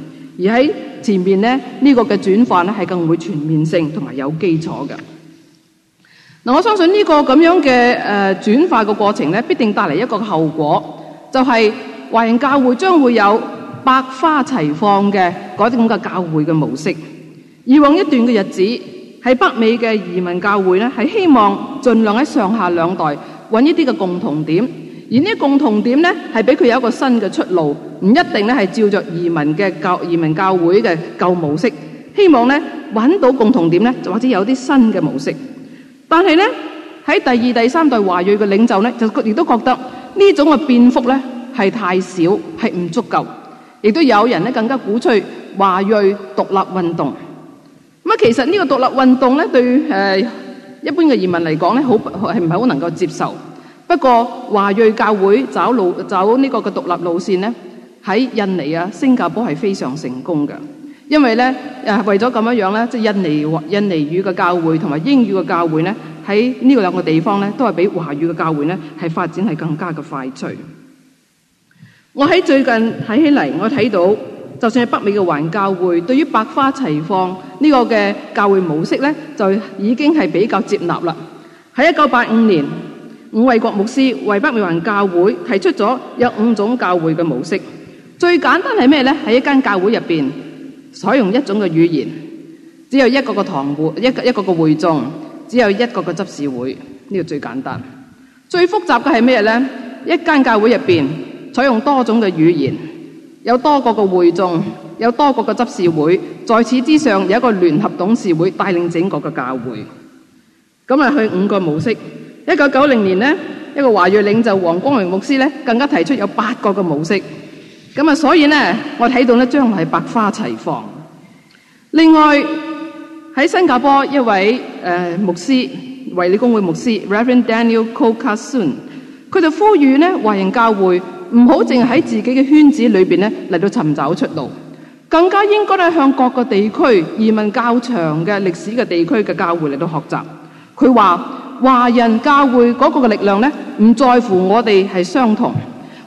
而喺前面咧，呢個嘅轉化咧，係更會全面性同埋有基礎嘅。嗱，我相信呢個咁樣嘅誒轉化嘅過程咧，必定帶嚟一個後果，就係華人教會將會有百花齊放嘅嗰啲咁嘅教會嘅模式。以往一段嘅日子，喺北美嘅移民教會咧，係希望盡量喺上下兩代揾一啲嘅共同點。而呢共同點咧，係俾佢有一個新嘅出路，唔一定咧係照著移民嘅教移民教會嘅舊模式，希望咧揾到共同點咧，就或者有啲新嘅模式。但係咧喺第二、第三代華裔嘅領袖咧，就亦都覺得呢種嘅變幅咧係太少，係唔足夠。亦都有人咧更加鼓吹華裔獨立運動。咁啊，其實呢個獨立運動咧對誒一般嘅移民嚟講咧，好係唔係好能夠接受？不過華裔教會走路走呢個嘅獨立路線咧，喺印尼啊、新加坡係非常成功嘅，因為呢，誒為咗咁樣樣咧，即係印尼印尼語嘅教會同埋英語嘅教會呢，喺呢個兩個地方呢，都係比華語嘅教會呢，係發展係更加嘅快趣。我喺最近睇起嚟，我睇到就算係北美嘅環教會，對於百花齊放呢個嘅教會模式呢，就已經係比較接納啦。喺一九八五年。五位國牧師為北美人教會提出咗有五種教會嘅模式。最簡單係咩呢？喺一間教會入邊，採用一種嘅語言，只有一個個堂會，一個一個個會眾，只有一個個執事會，呢、這個最簡單。最複雜嘅係咩呢？一間教會入邊，採用多種嘅語言，有多個個會眾，有多個個執事會，在此之上有一個聯合董事會帶領整個嘅教會。咁啊，去五個模式。一九九零年呢一個華裔領袖黃光榮牧師咧，更加提出有八個嘅模式。咁啊，所以呢，我睇到呢將來係百花齊放。另外喺新加坡一位誒牧師，衛理公會牧師 Reverend Daniel Kokasun，佢就呼籲咧，華人教會唔好淨係喺自己嘅圈子裏邊咧嚟到尋找出路，更加應該咧向各個地區移民較長嘅歷史嘅地區嘅教會嚟到學習。佢話。華人教會嗰個嘅力量呢，唔在乎我哋係相同。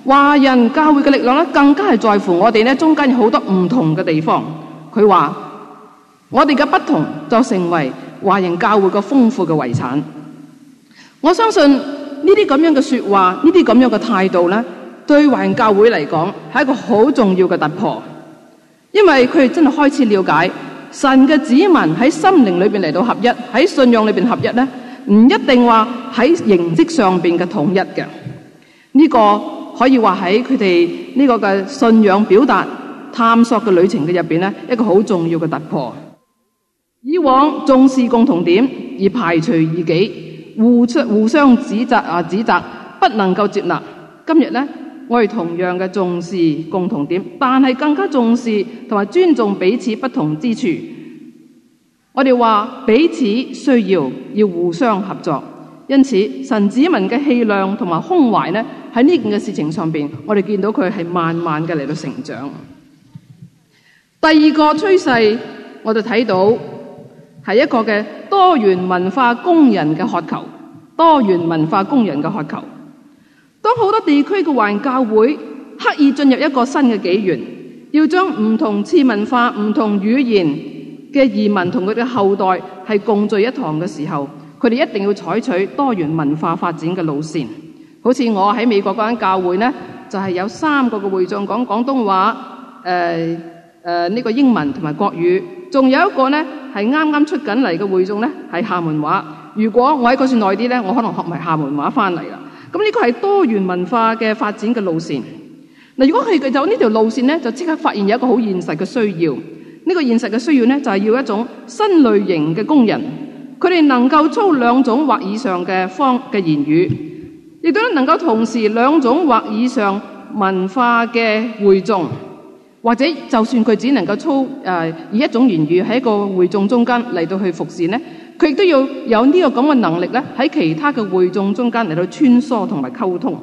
華人教會嘅力量呢，更加係在乎我哋呢中間有好多唔同嘅地方。佢話我哋嘅不同就成為華人教會嘅豐富嘅遺產。我相信呢啲咁樣嘅說話，呢啲咁樣嘅態度呢，對華人教會嚟講係一個好重要嘅突破，因為佢哋真係開始了解神嘅子民喺心靈裏邊嚟到合一，喺信仰裏邊合一呢。唔一定話喺形式上邊嘅統一嘅，呢個可以話喺佢哋呢個嘅信仰表達探索嘅旅程嘅入邊咧，一個好重要嘅突破。以往重視共同點而排除異己，互相互相指責啊指責，不能夠接納。今日咧，我哋同樣嘅重視共同點，但係更加重視同埋尊重彼此不同之處。我哋話彼此需要，要互相合作。因此，神子民嘅氣量同埋胸懷呢，喺呢件嘅事情上邊，我哋見到佢係慢慢嘅嚟到成長。第二個趨勢，我就睇到係一個嘅多元文化工人嘅渴求，多元文化工人嘅渴求。當好多地區嘅環教會刻意進入一個新嘅紀元，要將唔同次文化、唔同語言。嘅移民同佢嘅後代係共聚一堂嘅時候，佢哋一定要採取多元文化發展嘅路線。好似我喺美國嗰間教會呢，就係有三個嘅會眾講廣東話，誒誒呢個英文同埋國語，仲有一個呢，係啱啱出緊嚟嘅會眾呢，係廈門話。如果我喺嗰邊耐啲呢，我可能學埋廈門話翻嚟啦。咁呢個係多元文化嘅發展嘅路線。嗱，如果佢哋走呢條路線呢，就即刻發現有一個好現實嘅需要。呢個現實嘅需要咧，就係要一種新類型嘅工人，佢哋能夠操兩種或以上嘅方嘅言語，亦都能夠同時兩種或以上文化嘅會眾，或者就算佢只能夠操誒以一種言語喺一個會眾中間嚟到去服侍咧，佢亦都要有呢個咁嘅能力咧，喺其他嘅會眾中間嚟到穿梭同埋溝通。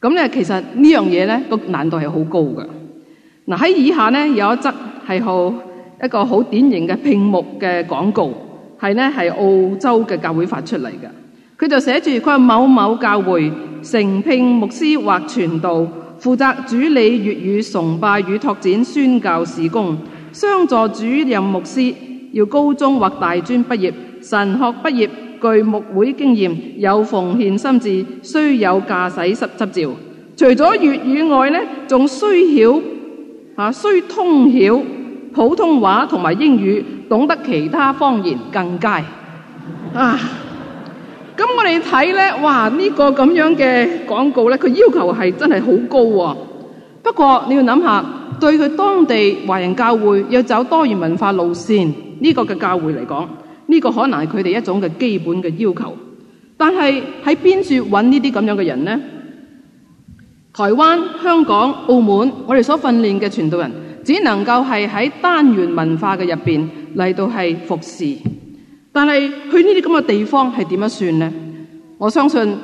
咁咧，其實呢樣嘢咧，個難度係好高㗎。嗱，喺以下呢，有一則係好一個好典型嘅聘目嘅廣告，係澳洲嘅教會發出嚟嘅。佢就寫住，佢話某某教會誠聘牧師或傳道，負責主理粵語崇拜與拓展宣教事工，相助主任牧師，要高中或大專畢業，神學畢業，具牧會經驗，有奉獻心志，需有駕駛室執照。除咗粵語外呢，仲需曉。啊，需通曉普通話同埋英語，懂得其他方言更佳。啊，咁我哋睇咧，哇！呢個咁樣嘅廣告咧，佢要求係真係好高喎。不過你要諗下，對佢當地華人教會要走多元文化路線呢個嘅教會嚟講，呢個可能係佢哋一種嘅基本嘅要求。但係喺邊處揾呢啲咁樣嘅人咧？台灣、香港、澳門，我哋所訓練嘅傳道人，只能夠係喺單元文化嘅入面嚟到係服侍。但係去呢啲咁嘅地方係點樣算呢？我相信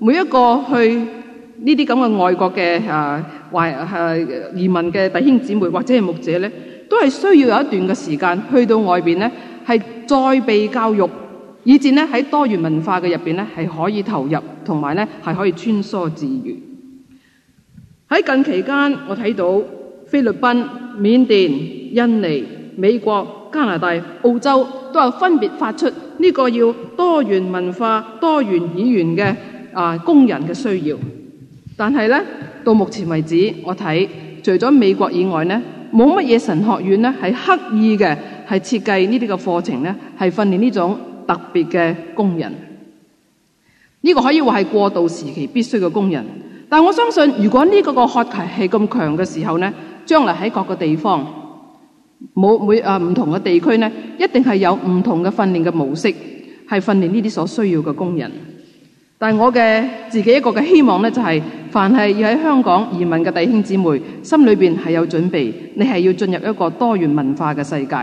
每一個去呢啲咁嘅外國嘅啊，懷、啊、係移民嘅弟兄姊妹或者係牧者咧，都係需要有一段嘅時間去到外面咧，係再被教育，以至咧喺多元文化嘅入面咧係可以投入，同埋咧係可以穿梭自如。喺近期間，我睇到菲律賓、緬甸、印尼、美國、加拿大、澳洲都有分別發出呢個要多元文化、多元語言嘅啊工人嘅需要。但係咧，到目前為止，我睇除咗美國以外咧，冇乜嘢神學院咧係刻意嘅係設計呢啲嘅課程咧，係訓練呢種特別嘅工人。呢個可以話係過渡時期必須嘅工人。但我相信，如果呢個個渴求係咁強嘅時候呢，將來喺各個地方，冇每啊唔、呃、同嘅地區呢，一定係有唔同嘅訓練嘅模式，係訓練呢啲所需要嘅工人。但我嘅自己一個嘅希望呢，就係、是、凡係要喺香港移民嘅弟兄姊妹，心裏邊係有準備，你係要進入一個多元文化嘅世界，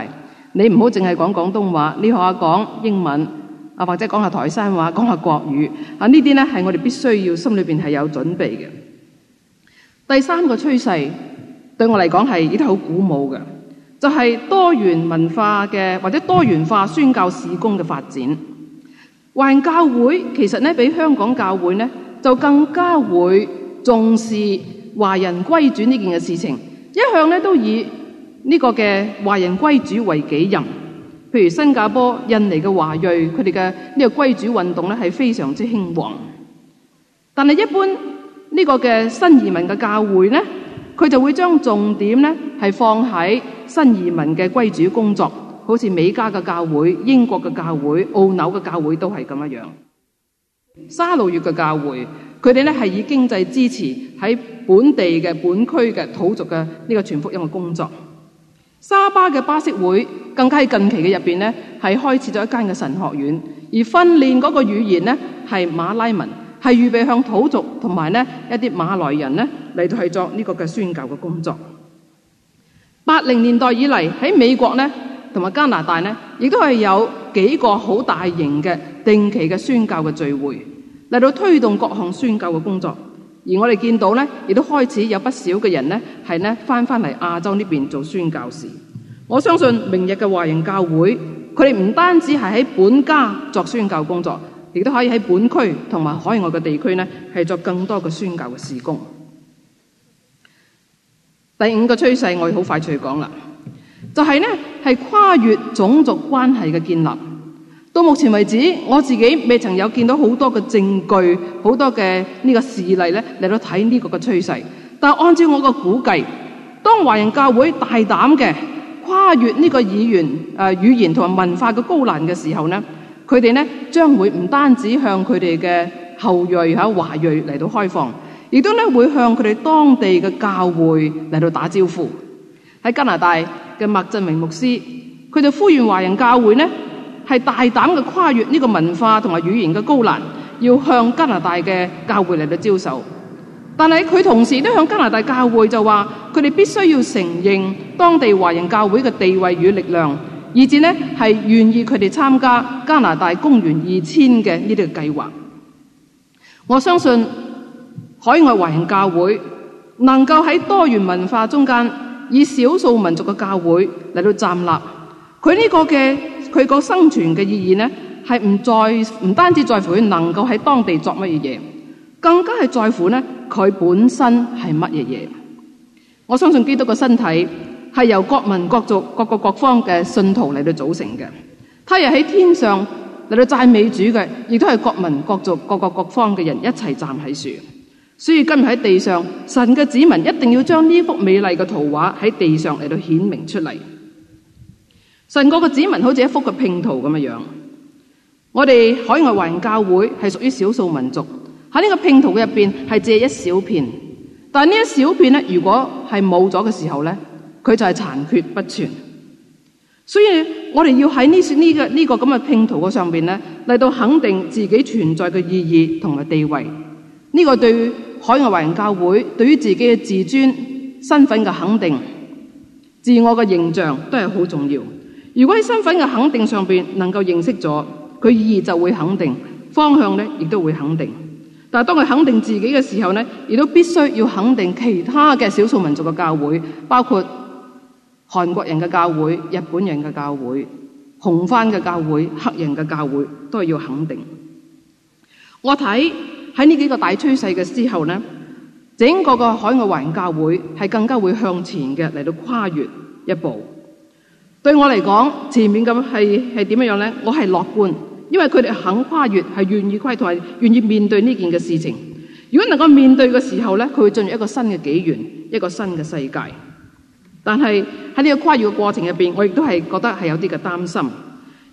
你唔好淨係講廣東話，你學下講英文。啊，或者講下台山話，講下國語啊，呢啲咧係我哋必須要心裏邊係有準備嘅。第三個趨勢對我嚟講係依啲好鼓舞嘅，就係多元文化嘅或者多元化宣教事工嘅發展。華人教會其實咧，比香港教會咧就更加會重視華人歸主呢件嘅事情，一向咧都以呢個嘅華人歸主為己任。譬如新加坡、印尼嘅華裔，佢哋嘅呢個歸主運動咧係非常之興旺。但係一般呢個嘅新移民嘅教會咧，佢就會將重點咧係放喺新移民嘅歸主工作，好似美加嘅教會、英國嘅教會、澳紐嘅教會都係咁樣樣。沙撈越嘅教會，佢哋咧係以經濟支持喺本地嘅、本區嘅土族嘅呢、這個全福音嘅工作。沙巴嘅巴色會更加喺近期嘅入邊呢係開始咗一間嘅神學院，而訓練嗰個語言呢係馬拉文，係預備向土族同埋呢一啲馬來人呢嚟到去做呢個嘅宣教嘅工作。八零年代以嚟喺美國呢同埋加拿大呢，亦都係有幾個好大型嘅定期嘅宣教嘅聚會，嚟到推動各項宣教嘅工作。而我哋見到咧，亦都開始有不少嘅人呢，係呢返返嚟亞洲呢邊做宣教士。我相信明日嘅華人教會，佢哋唔單止係喺本家作宣教工作，亦都可以喺本區同埋海外嘅地區呢，係做更多嘅宣教嘅事工。第五個趨勢，我要好快脆講啦，就係呢，係跨越種族關係嘅建立。到目前為止，我自己未曾有見到好多嘅證據，好多嘅呢個事例咧嚟到睇呢個嘅趨勢。但按照我嘅估計，當華人教會大膽嘅跨越呢個語言、誒語言同埋文化嘅高難嘅時候呢，佢哋呢將會唔單止向佢哋嘅後裔喺華裔嚟到開放，亦都呢會向佢哋當地嘅教會嚟到打招呼。喺加拿大嘅麥振明牧師，佢就呼籲華人教會呢。係大膽嘅跨越呢個文化同埋語言嘅高欄，要向加拿大嘅教會嚟到招手。但係佢同時都向加拿大教會就話，佢哋必須要承認當地華人教會嘅地位與力量，以至呢係願意佢哋參加加拿大公元二千嘅呢啲計劃。我相信海外華人教會能夠喺多元文化中間，以少數民族嘅教會嚟到站立，佢呢個嘅。佢個生存嘅意義呢，係唔在唔單止在乎佢能夠喺當地作乜嘢，更加係在乎呢，佢本身係乜嘢嘢。我相信基督嘅身體係由各民各族各個各方嘅信徒嚟到組成嘅，他日喺天上嚟到讚美主嘅，亦都係各民各族各個各方嘅人一齊站喺樹。所以今日喺地上，神嘅子民一定要將呢幅美麗嘅圖畫喺地上嚟到顯明出嚟。神個個子民好似一幅嘅拼圖咁樣。樣。我哋海外華人教會係屬於少數民族，喺呢個拼圖嘅入邊係借一小片，但係呢一小片呢，如果係冇咗嘅時候呢，佢就係殘缺不全。所以我哋要喺呢呢個呢個咁嘅拼圖嘅上邊呢，嚟到肯定自己存在嘅意義同埋地位。呢個對於海外華人教會對於自己嘅自尊、身份嘅肯定、自我嘅形象都係好重要。如果喺身份嘅肯定上面能夠認識咗，佢意義就會肯定方向咧，亦都會肯定。但係當佢肯定自己嘅時候咧，亦都必須要肯定其他嘅少數民族嘅教會，包括韓國人嘅教會、日本人嘅教會、紅番嘅教會、黑人嘅教會，都係要肯定。我睇喺呢幾個大趨勢嘅時候，呢整個嘅海外華人教會係更加會向前嘅嚟到跨越一步。對我嚟講，前面咁係係點樣樣呢？我係樂觀，因為佢哋肯跨越，係願意跨越，願意面對呢件嘅事情。如果能夠面對嘅時候呢，佢會進入一個新嘅紀元，一個新嘅世界。但係喺呢個跨越嘅過程入邊，我亦都係覺得係有啲嘅擔心，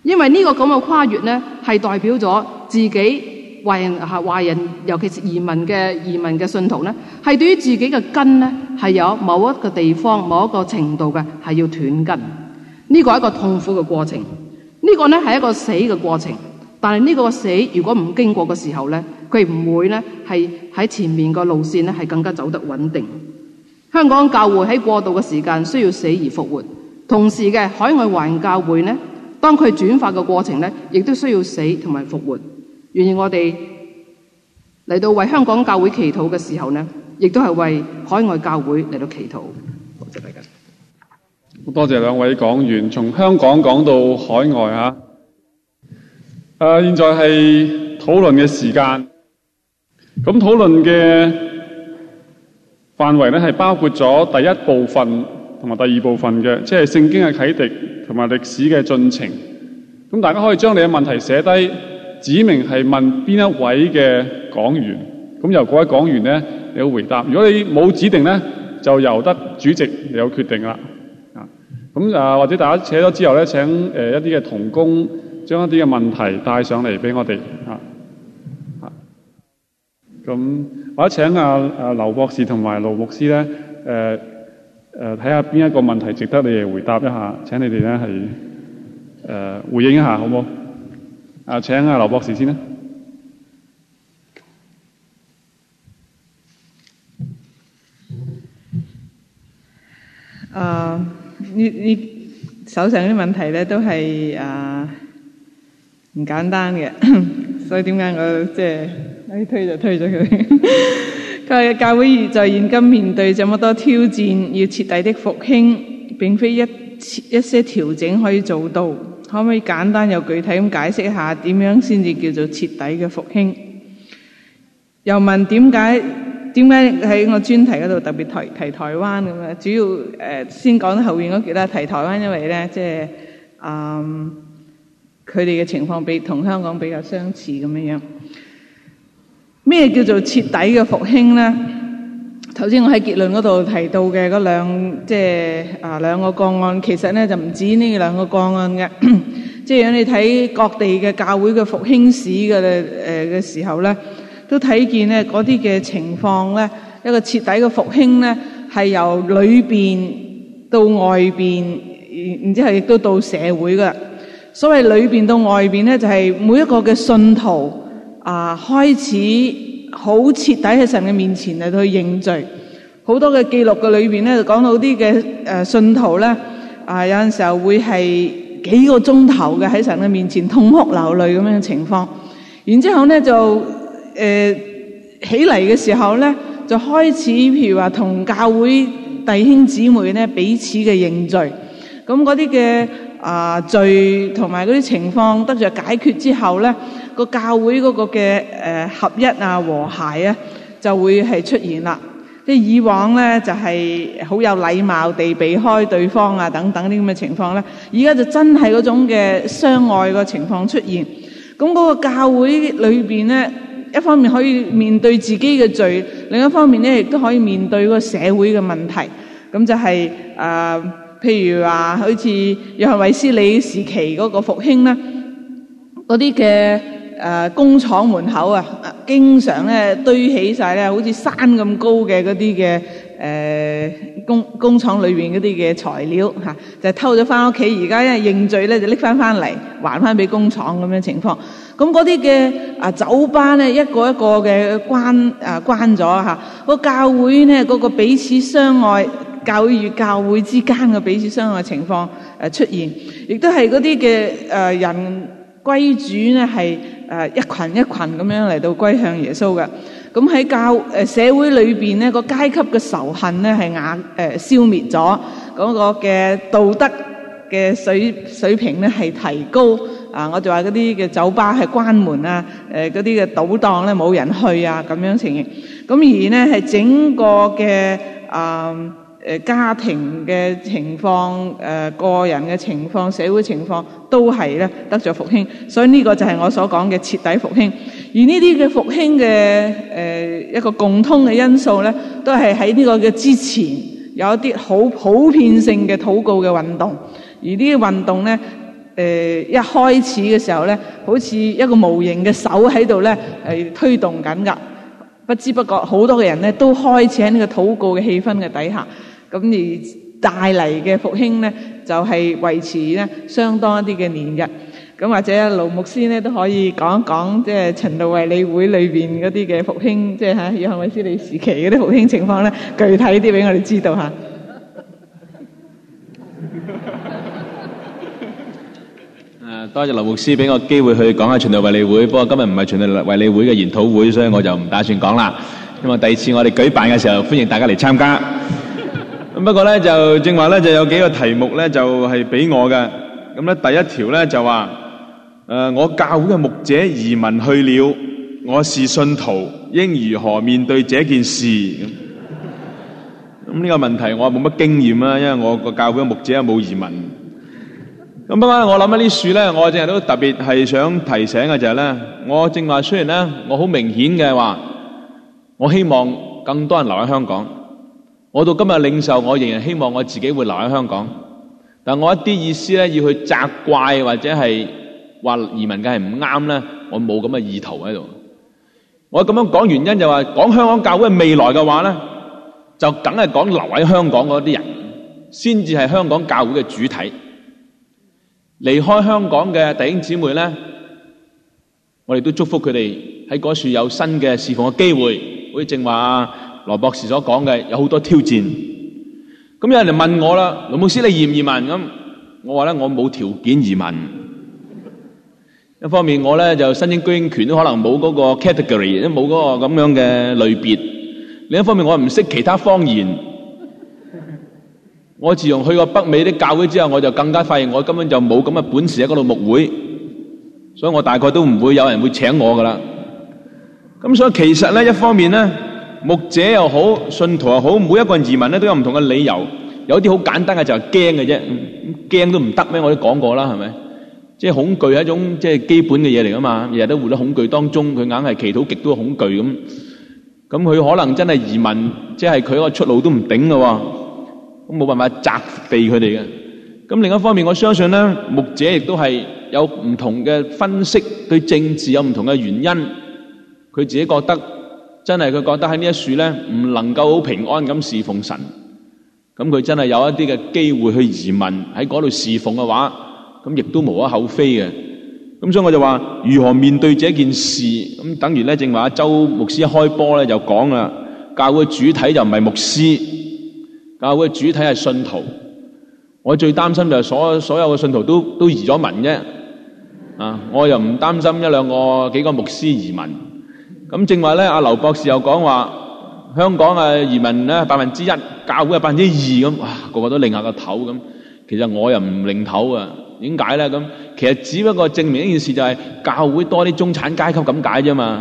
因為呢個咁嘅跨越呢，係代表咗自己華人嚇華人，尤其是移民嘅移民嘅信徒呢，係對於自己嘅根呢，係有某一個地方某一個程度嘅係要斷根。呢、這個係一個痛苦嘅過程，呢個咧係一個死嘅過程。但係呢個死如果唔經過嘅時候呢，佢唔會咧係喺前面個路線咧係更加走得穩定。香港教會喺過渡嘅時間需要死而復活，同時嘅海外華人教會呢，當佢轉化嘅過程呢，亦都需要死同埋復活。願意我哋嚟到為香港教會祈禱嘅時候呢，亦都係為海外教會嚟到祈禱。好多謝兩位講員，從香港講到海外嚇。誒、啊，現在係討論嘅時間。咁討論嘅範圍咧，係包括咗第一部分同埋第二部分嘅，即係聖經嘅啟迪同埋歷史嘅進程。咁大家可以將你嘅問題寫低，指明係問邊一位嘅講員。咁由嗰位講員咧你有回答。如果你冇指定咧，就由得主席你有決定啦。咁啊，或者大家寫咗之後咧，請誒、呃、一啲嘅同工將一啲嘅問題帶上嚟俾我哋嚇。咁或者請阿、啊、阿、啊、羅博士同埋盧牧師咧誒誒，睇下邊一個問題值得你哋回答一下？請你哋咧係誒回應一下好冇？啊，請阿、啊、羅博士先啦。啊、uh...。.呢呢手上啲問題咧，都係啊唔簡單嘅，所以點解我即、就、係、是？你、哎、推就推咗佢。 教教會而在現今面對這麼多挑戰，要徹底的復興，並非一一些調整可以做到。可唔可以簡單又具體咁解釋一下，點樣先至叫做徹底嘅復興？又問點解？點解喺我專題嗰度特別提提台灣咁咧？主要誒，先講後面嗰幾句提台灣，因為咧即係誒佢哋嘅情況比同香港比較相似咁樣樣。咩叫做徹底嘅復興咧？頭先我喺結論嗰度提到嘅嗰兩即係啊兩個個案，其實咧就唔止呢兩個個案嘅。即係如果你睇各地嘅教會嘅復興史嘅誒嘅時候咧。都睇見咧，嗰啲嘅情況咧，一個徹底嘅復興咧，係由裏邊到外邊，然之後亦都到社會喇。所謂裏邊到外邊咧，就係、是、每一個嘅信徒啊，開始好徹底喺神嘅面前嚟到去認罪。好多嘅記錄嘅裏邊咧，就講到啲嘅誒信徒咧啊，有陣時候會係幾個鐘頭嘅喺神嘅面前痛哭流淚咁樣嘅情況，然之後咧就。誒、呃、起嚟嘅時候咧，就開始譬如話同教會弟兄姊妹咧彼此嘅認罪，咁嗰啲嘅啊罪同埋嗰啲情況得著解決之後咧，個教會嗰個嘅誒、呃、合一啊和諧啊就會係出現啦。即係以往咧就係、是、好有禮貌地避開對方啊等等啲咁嘅情況咧，而家就真係嗰種嘅相愛嘅情況出現。咁嗰個教會裏邊咧。一方面可以面對自己嘅罪，另一方面咧亦都可以面對嗰個社會嘅問題。咁就係、是、誒、呃，譬如話好似約翰衛斯理時期嗰個復興啦，嗰啲嘅誒工廠門口啊，經常咧堆起晒咧，好似山咁高嘅嗰啲嘅誒工工廠裏邊嗰啲嘅材料嚇、啊，就是、偷咗翻屋企，而家因為認罪咧就拎翻翻嚟還翻俾工廠咁樣情況。咁嗰啲嘅啊酒吧咧，一個一個嘅關啊關咗嚇。個教會咧，嗰、個彼此相愛，教會與教會之間嘅彼此相愛情況出現，亦都係嗰啲嘅誒人歸主咧，係誒一群一群咁樣嚟到歸向耶穌嘅。咁喺教社會裏面咧，個階級嘅仇恨咧係瓦誒消滅咗，嗰、個嘅道德嘅水水平咧係提高。啊！我就話嗰啲嘅酒吧係關門啊，誒嗰啲嘅賭檔咧冇人去啊，咁樣情形。咁而呢係整個嘅誒、呃、家庭嘅情況、誒、呃、個人嘅情況、社會情況都係咧得着復興。所以呢個就係我所講嘅徹底復興。而呢啲嘅復興嘅誒、呃、一個共通嘅因素咧，都係喺呢個嘅之前有一啲好普遍性嘅禱告嘅運動。而運動呢啲運動咧。誒、呃、一開始嘅時候咧，好似一個無形嘅手喺度咧，係推動緊㗎。不知不覺好多嘅人咧都開始喺呢個禱告嘅氣氛嘅底下，咁而帶嚟嘅復興咧就係、是、維持咧相當一啲嘅年日。咁或者盧牧師咧都可以講一講，即係陳道衛理會裏邊嗰啲嘅復興，即係吓以後衛斯理時期嗰啲復興情況咧，具體啲俾我哋知道吓。多謝劉牧師俾我機會去講下循道衛理會，不過今日唔係循道衛理會嘅研討會，所以我就唔打算講啦。希望第二次我哋舉辦嘅時候，歡迎大家嚟參加。咁不過呢就正話呢就有幾個題目呢就係俾我嘅。咁呢第一條呢就話，誒，我教會嘅牧者移民去了，我是信徒，應如何面對這件事？咁呢個問題我冇乜經驗啦，因為我個教會嘅牧者冇移民。咁不嬲，我諗一啲樹咧，我淨係都特別係想提醒嘅就係咧，我正話雖然咧，我好明顯嘅話，我希望更多人留喺香港。我到今日領受，我仍然希望我自己會留喺香港。但我一啲意思咧，要去責怪或者係話移民梗係唔啱咧，我冇咁嘅意圖喺度。我咁樣講原因就話，是，講香港教會嘅未來嘅話咧，就梗係講留喺香港嗰啲人，先至係香港教會嘅主體。離開香港嘅弟兄姊妹咧，我哋都祝福佢哋喺嗰處有新嘅侍奉嘅機會。好似正話羅博士所講嘅，有好多挑戰。咁有人嚟問我啦，盧牧師你移唔移民咁？我話咧，我冇條件移民。一方面我咧就申請居英權都可能冇嗰個 category，都冇嗰個咁樣嘅類別。另一方面我唔識其他方言。我自從去過北美啲教會之後，我就更加發現我根本就冇咁嘅本事喺嗰度牧會，所以我大概都唔會有人會請我噶啦。咁所以其實咧，一方面咧，牧者又好，信徒又好，每一個人移民咧都有唔同嘅理由。有啲好簡單嘅就係驚嘅啫，驚都唔得咩？我都講過啦，係咪？即係恐懼係一種即係基本嘅嘢嚟噶嘛。日日都活得恐懼當中，佢硬係祈禱極都恐懼咁。咁佢可能真係移民，即係佢個出路都唔頂噶。咁冇辦法責備佢哋嘅。咁另一方面，我相信咧，牧者亦都係有唔同嘅分析，對政治有唔同嘅原因。佢自己覺得真係佢覺得喺呢一樹咧，唔能夠好平安咁侍奉神。咁佢真係有一啲嘅機會去移民喺嗰度侍奉嘅話，咁亦都無可厚非嘅。咁所以我就話，如何面對這件事，咁等於咧正話阿周牧師一開波咧就講啦，教會主體就唔係牧師。教會主體係信徒，我最擔心就係所所有嘅信徒都都移咗民啫。啊，我又唔擔心一兩個幾個牧師移民。咁正話咧，阿劉博士又講話香港啊移民咧百分之一，教會係百分之二咁，哇，個、啊、個都擰下個頭咁。其實我又唔擰頭啊。點解咧？咁其實只不過證明一件事，就係，就係教會多啲中產階級咁解啫嘛。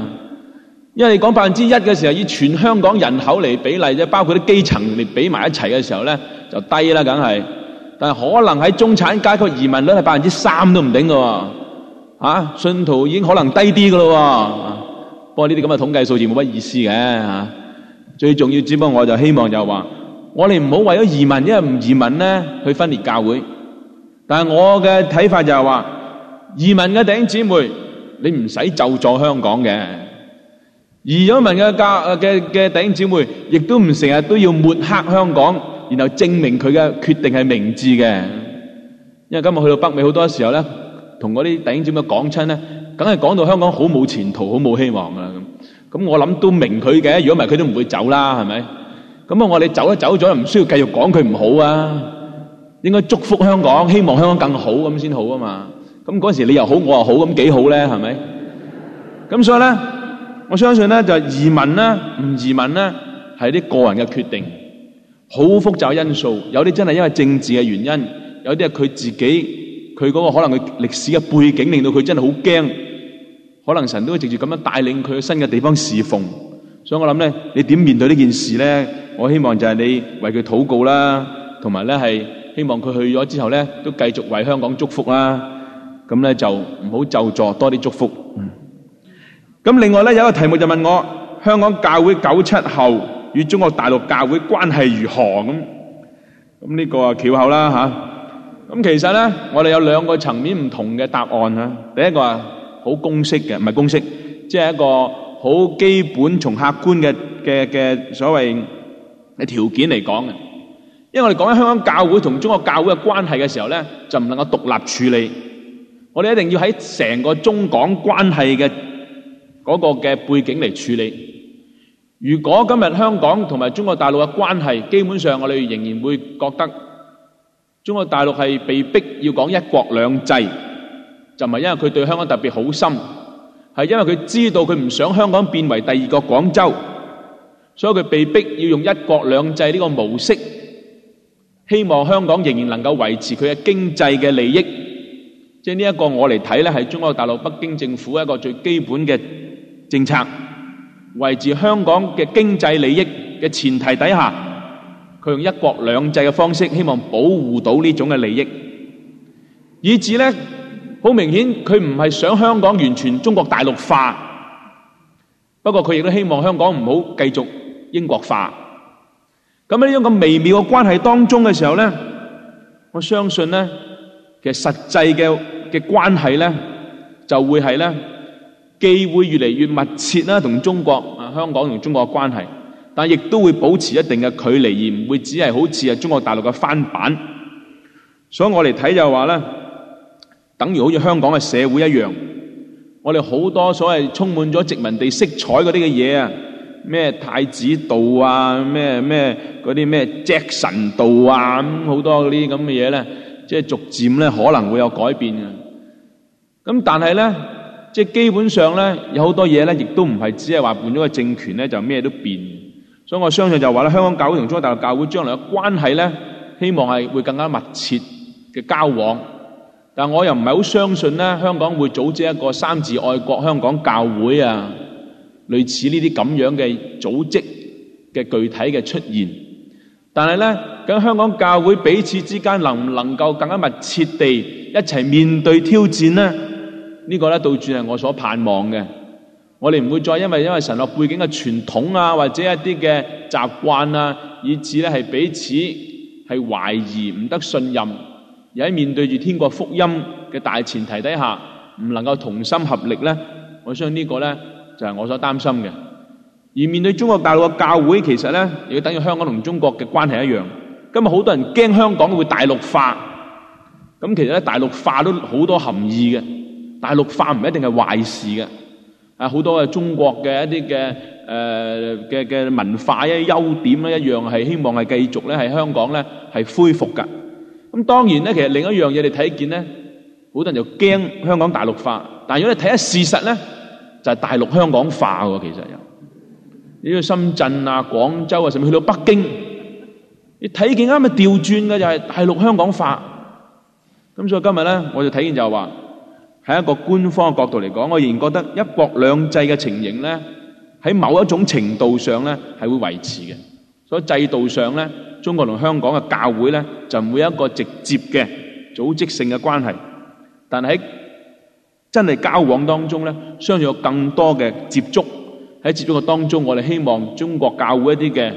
因為你講百分之一嘅時候，以全香港人口嚟比例啫，包括啲基層嚟比埋一齊嘅時候咧，就低啦，梗係。但係可能喺中產階級移民率係百分之三都唔頂噶，啊，信徒已經可能低啲噶咯。不過呢啲咁嘅統計數字冇乜意思嘅吓、啊。最重要，只不過我就希望就係話，我哋唔好為咗移民，因為唔移民咧，去分裂教會。但係我嘅睇法就係話，移民嘅弟兄姊妹，你唔使就坐香港嘅。而咗民嘅教嘅嘅弟兄姊妹，亦都唔成日都要抹黑香港，然後證明佢嘅決定係明智嘅。因為今日去到北美好多時候咧，同嗰啲弟兄姊妹講親咧，梗係講到香港好冇前途，好冇希望啦咁。咁我諗都明佢嘅，如果唔係佢都唔會走啦，係咪？咁啊，我哋走都走咗，又唔需要繼續講佢唔好啊。應該祝福香港，希望香港更好咁先好啊嘛。咁嗰時你又好，我又好，咁幾好咧，係咪？咁所以咧。我相信咧就係移民咧唔移民咧，係啲個人嘅決定，好複雜因素，有啲真係因為政治嘅原因，有啲係佢自己佢嗰個可能佢歷史嘅背景令到佢真係好驚，可能神都會直接咁樣帶領佢去新嘅地方侍奉。所以我諗咧，你點面對呢件事咧？我希望就係你為佢禱告啦，同埋咧係希望佢去咗之後咧都繼續為香港祝福啦。咁咧就唔好就助多啲祝福。咁另外咧，有一個題目就問我香港教會九七後與中國大陸教會關係如何咁？咁呢個啊，巧口啦吓。咁其實咧，我哋有兩個層面唔同嘅答案啦。第一個啊，好公式嘅，唔係公式，即係一個好基本，從客觀嘅嘅嘅所謂嘅條件嚟講嘅。因為我哋講喺香港教會同中國教會嘅關係嘅時候咧，就唔能夠獨立處理。我哋一定要喺成個中港關係嘅。嗰個嘅背景嚟處理。如果今日香港同埋中國大陸嘅關係，基本上我哋仍然會覺得中國大陸係被逼要講一國兩制，就唔係因為佢對香港特別好心，係因為佢知道佢唔想香港變為第二個廣州，所以佢被逼要用一國兩制呢個模式，希望香港仍然能夠維持佢嘅經濟嘅利益。即係呢一個我嚟睇呢係中國大陸北京政府一個最基本嘅。政策維持香港嘅經濟利益嘅前提底下，佢用一國兩制嘅方式，希望保護到呢種嘅利益，以至咧好明顯佢唔係想香港完全中國大陸化，不過佢亦都希望香港唔好繼續英國化。咁喺呢樣咁微妙嘅關係當中嘅時候咧，我相信咧其實實際嘅嘅關係咧就會係咧。機會越嚟越密切啦，同中國啊，香港同中國嘅關係，但係亦都會保持一定嘅距離，而唔會只係好似啊中國大陸嘅翻版。所以我嚟睇就話咧，等於好似香港嘅社會一樣，我哋好多所謂充滿咗殖民地色彩嗰啲嘅嘢啊，咩太子道啊，咩咩嗰啲咩昃臣道啊，咁好多嗰啲咁嘅嘢咧，即係逐漸咧可能會有改變嘅。咁但係咧。即基本上咧，有好多嘢咧，亦都唔係只係話換咗個政權咧，就咩都變。所以我相信就話咧，香港教會同中國大陸教會將來嘅關係咧，希望係會更加密切嘅交往。但我又唔係好相信咧，香港會組織一個三自愛國香港教會啊，類似呢啲咁樣嘅組織嘅具體嘅出現。但係咧，咁香港教會彼此之間能唔能夠更加密切地一齊面對挑戰呢？呢、這個咧倒轉係我所盼望嘅，我哋唔會再因為因為神學背景嘅傳統啊，或者一啲嘅習慣啊，以致咧係彼此係懷疑唔得信任，而喺面對住天國福音嘅大前提底下，唔能夠同心合力咧，我相信個呢個咧就係、是、我所擔心嘅。而面對中國大陸嘅教會，其實咧亦都等於香港同中國嘅關係一樣，今日好多人驚香港會大陸化，咁其實咧大陸化都好多含意嘅。大陸化唔一定係壞事嘅，啊好多嘅中國嘅一啲嘅誒嘅嘅文化一啲優點咧一樣係希望係繼續咧係香港咧係恢復㗎。咁當然咧，其實另一樣嘢你睇見咧，好多人就驚香港大陸化，但如果你睇下事實咧，就係大陸香港化喎。其實又，你去深圳啊、廣州啊，甚至去到北京，你睇見，啱咪調轉嘅就係大陸香港化。咁所以今日咧，我就睇見就係話。喺一個官方嘅角度嚟講，我仍然覺得一國兩制嘅情形咧，喺某一種程度上咧係會維持嘅。所以制度上咧，中國同香港嘅教會咧就唔會有一個直接嘅組織性嘅關係。但喺真係交往當中咧，相信有更多嘅接觸。喺接觸嘅當中，我哋希望中國教會一啲嘅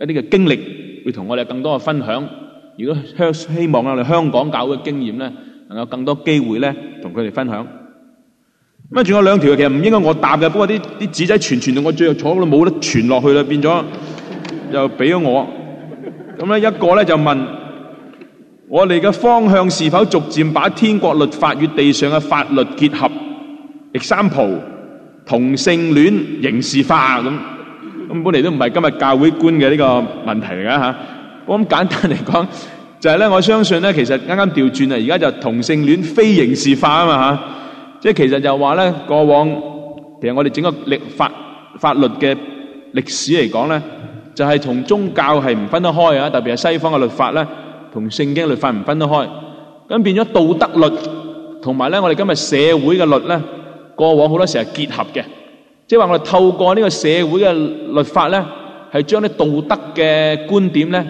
一啲嘅經歷，會同我哋更多嘅分享。如果希希望我哋香港教會嘅經驗咧，能夠更多機會咧，同佢哋分享。咁啊，仲有兩條其實唔應該我答嘅，不過啲啲紙仔傳傳到我最後坐都冇得傳落去啦，變咗又俾咗我。咁咧一個咧就問我哋嘅方向是否逐漸把天國律法與地上嘅法律結合，example 同性戀刑事化咁，咁本嚟都唔係今日教會觀嘅呢個問題嚟噶吓。我咁簡單嚟講。就係咧，我相信咧，其實啱啱調轉啊，而家就同性戀非刑事化啊嘛嚇，即係其實就話咧，過往其實我哋整個歷法法律嘅歷史嚟講咧，就係同宗教係唔分得開啊，特別係西方嘅律法咧，同聖經律法唔分得開，咁變咗道德律同埋咧，我哋今日社會嘅律咧，過往好多時係結合嘅，即係話我哋透過呢個社會嘅律法咧，係將啲道德嘅觀點咧。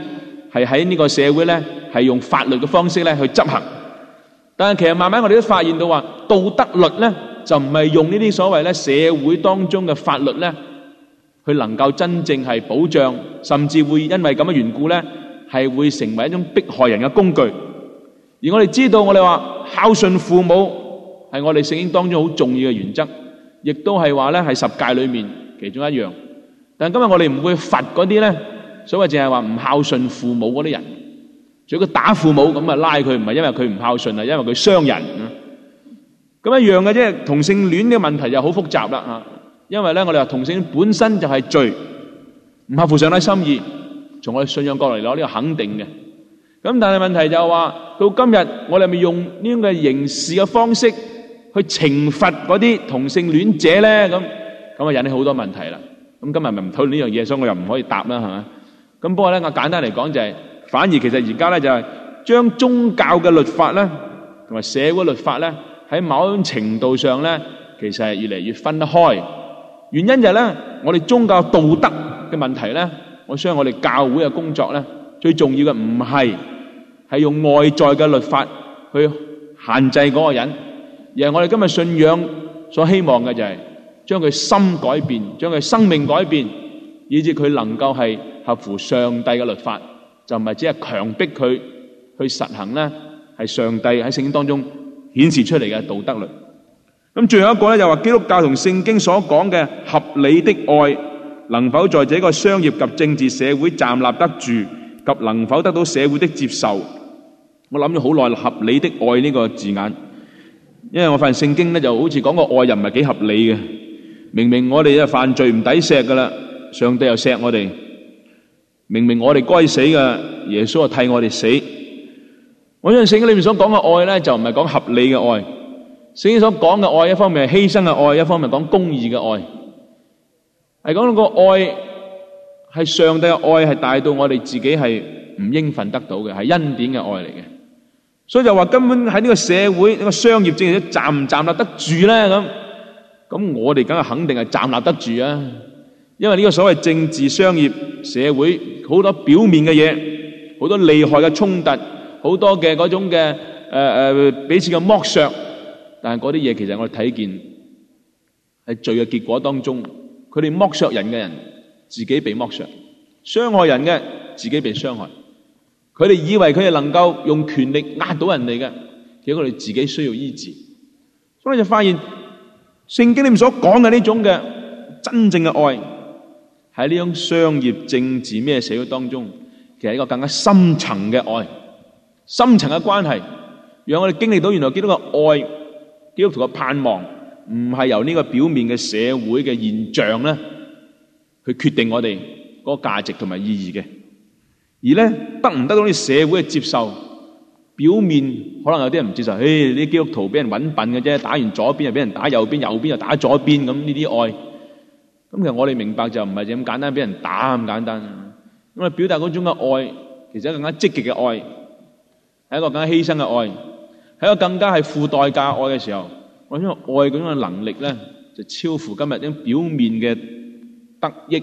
係喺呢個社會咧，係用法律嘅方式咧去執行，但係其實慢慢我哋都發現到話，道德律咧就唔係用呢啲所謂咧社會當中嘅法律咧，去能夠真正係保障，甚至會因為咁嘅緣故咧，係會成為一種迫害人嘅工具。而我哋知道，我哋話孝順父母係我哋聖經當中好重要嘅原則，亦都係話咧係十誡裏面其中一樣。但今日我哋唔會罰嗰啲咧。所謂淨係話唔孝順父母嗰啲人，仲有個打父母咁啊，拉佢唔係因為佢唔孝順啊，因為佢傷人。咁一樣嘅，即係，同性戀呢個問題就好複雜啦吓。因為咧，我哋話同性本身就係罪，唔合乎上帝心意。從我哋信仰角度嚟攞呢個肯定嘅。咁但係問題就係話到今日，我哋咪用呢種嘅刑事嘅方式去懲罰嗰啲同性戀者咧？咁咁啊，引起好多問題啦。咁今日咪唔討論呢樣嘢，所以我又唔可以答啦，係咪？咁不過呢，我簡單嚟講就係，反而其實而家呢就係將宗教嘅律法呢同埋社會律法呢喺某種程度上呢，其實係越嚟越分得開。合乎上帝嘅律法，就唔係只係強迫佢去實行呢，係上帝喺聖經當中顯示出嚟嘅道德律。咁最後一個咧，就話基督教同聖經所講嘅合理的愛，能否在這個商業及政治社會站立得住，及能否得到社會的接受？我諗咗好耐，合理的愛呢個字眼，因為我發現聖經咧就好似講個愛人唔係幾合理嘅，明明我哋啊犯罪唔抵錫噶啦，上帝又錫我哋。明明我哋該死嘅，耶穌啊替我哋死。我相信，聖經裏面所講嘅愛咧，就唔係講合理嘅愛。聖經所講嘅愛，愛，一方面係犧牲嘅愛，一方面講公義嘅愛，係講到個愛係上帝嘅愛，係大到我哋自己係唔應份得到嘅，係恩典嘅愛嚟嘅。所以就話根本喺呢個社會呢個商業精神站唔站立得住咧？咁咁我哋梗係肯定係站立得住啊！因為呢個所謂政治、商業、社會好多表面嘅嘢，好多厲害嘅衝突，好多嘅嗰種嘅誒誒，彼此嘅剝削。但係嗰啲嘢其實我哋睇見喺罪嘅結果當中，佢哋剝削人嘅人，自己被剝削，傷害人嘅自己被傷害。佢哋以為佢哋能夠用權力壓到人哋嘅，結果佢哋自己需要醫治。所以就發現聖經裏面所講嘅呢種嘅真正嘅愛。喺呢種商業、政治咩社會當中，其實係一個更加深層嘅愛、深層嘅關係，讓我哋經歷到原來基督嘅愛、基督徒嘅盼望，唔係由呢個表面嘅社會嘅現象咧，去決定我哋個價值同埋意義嘅。而咧得唔得到啲社會嘅接受？表面可能有啲人唔接受，誒，呢啲基督徒俾人搵笨嘅啫，打完左邊又俾人打右邊，右邊又打左邊，咁呢啲愛。咁其實我哋明白就唔係咁簡單，俾人打咁簡單。因為表達嗰種嘅愛，其實係更加積極嘅愛，係一個更加犧牲嘅愛，係一個更加係付代價愛嘅時候，我因為愛嗰種嘅能力咧，就超乎今日啲表面嘅得益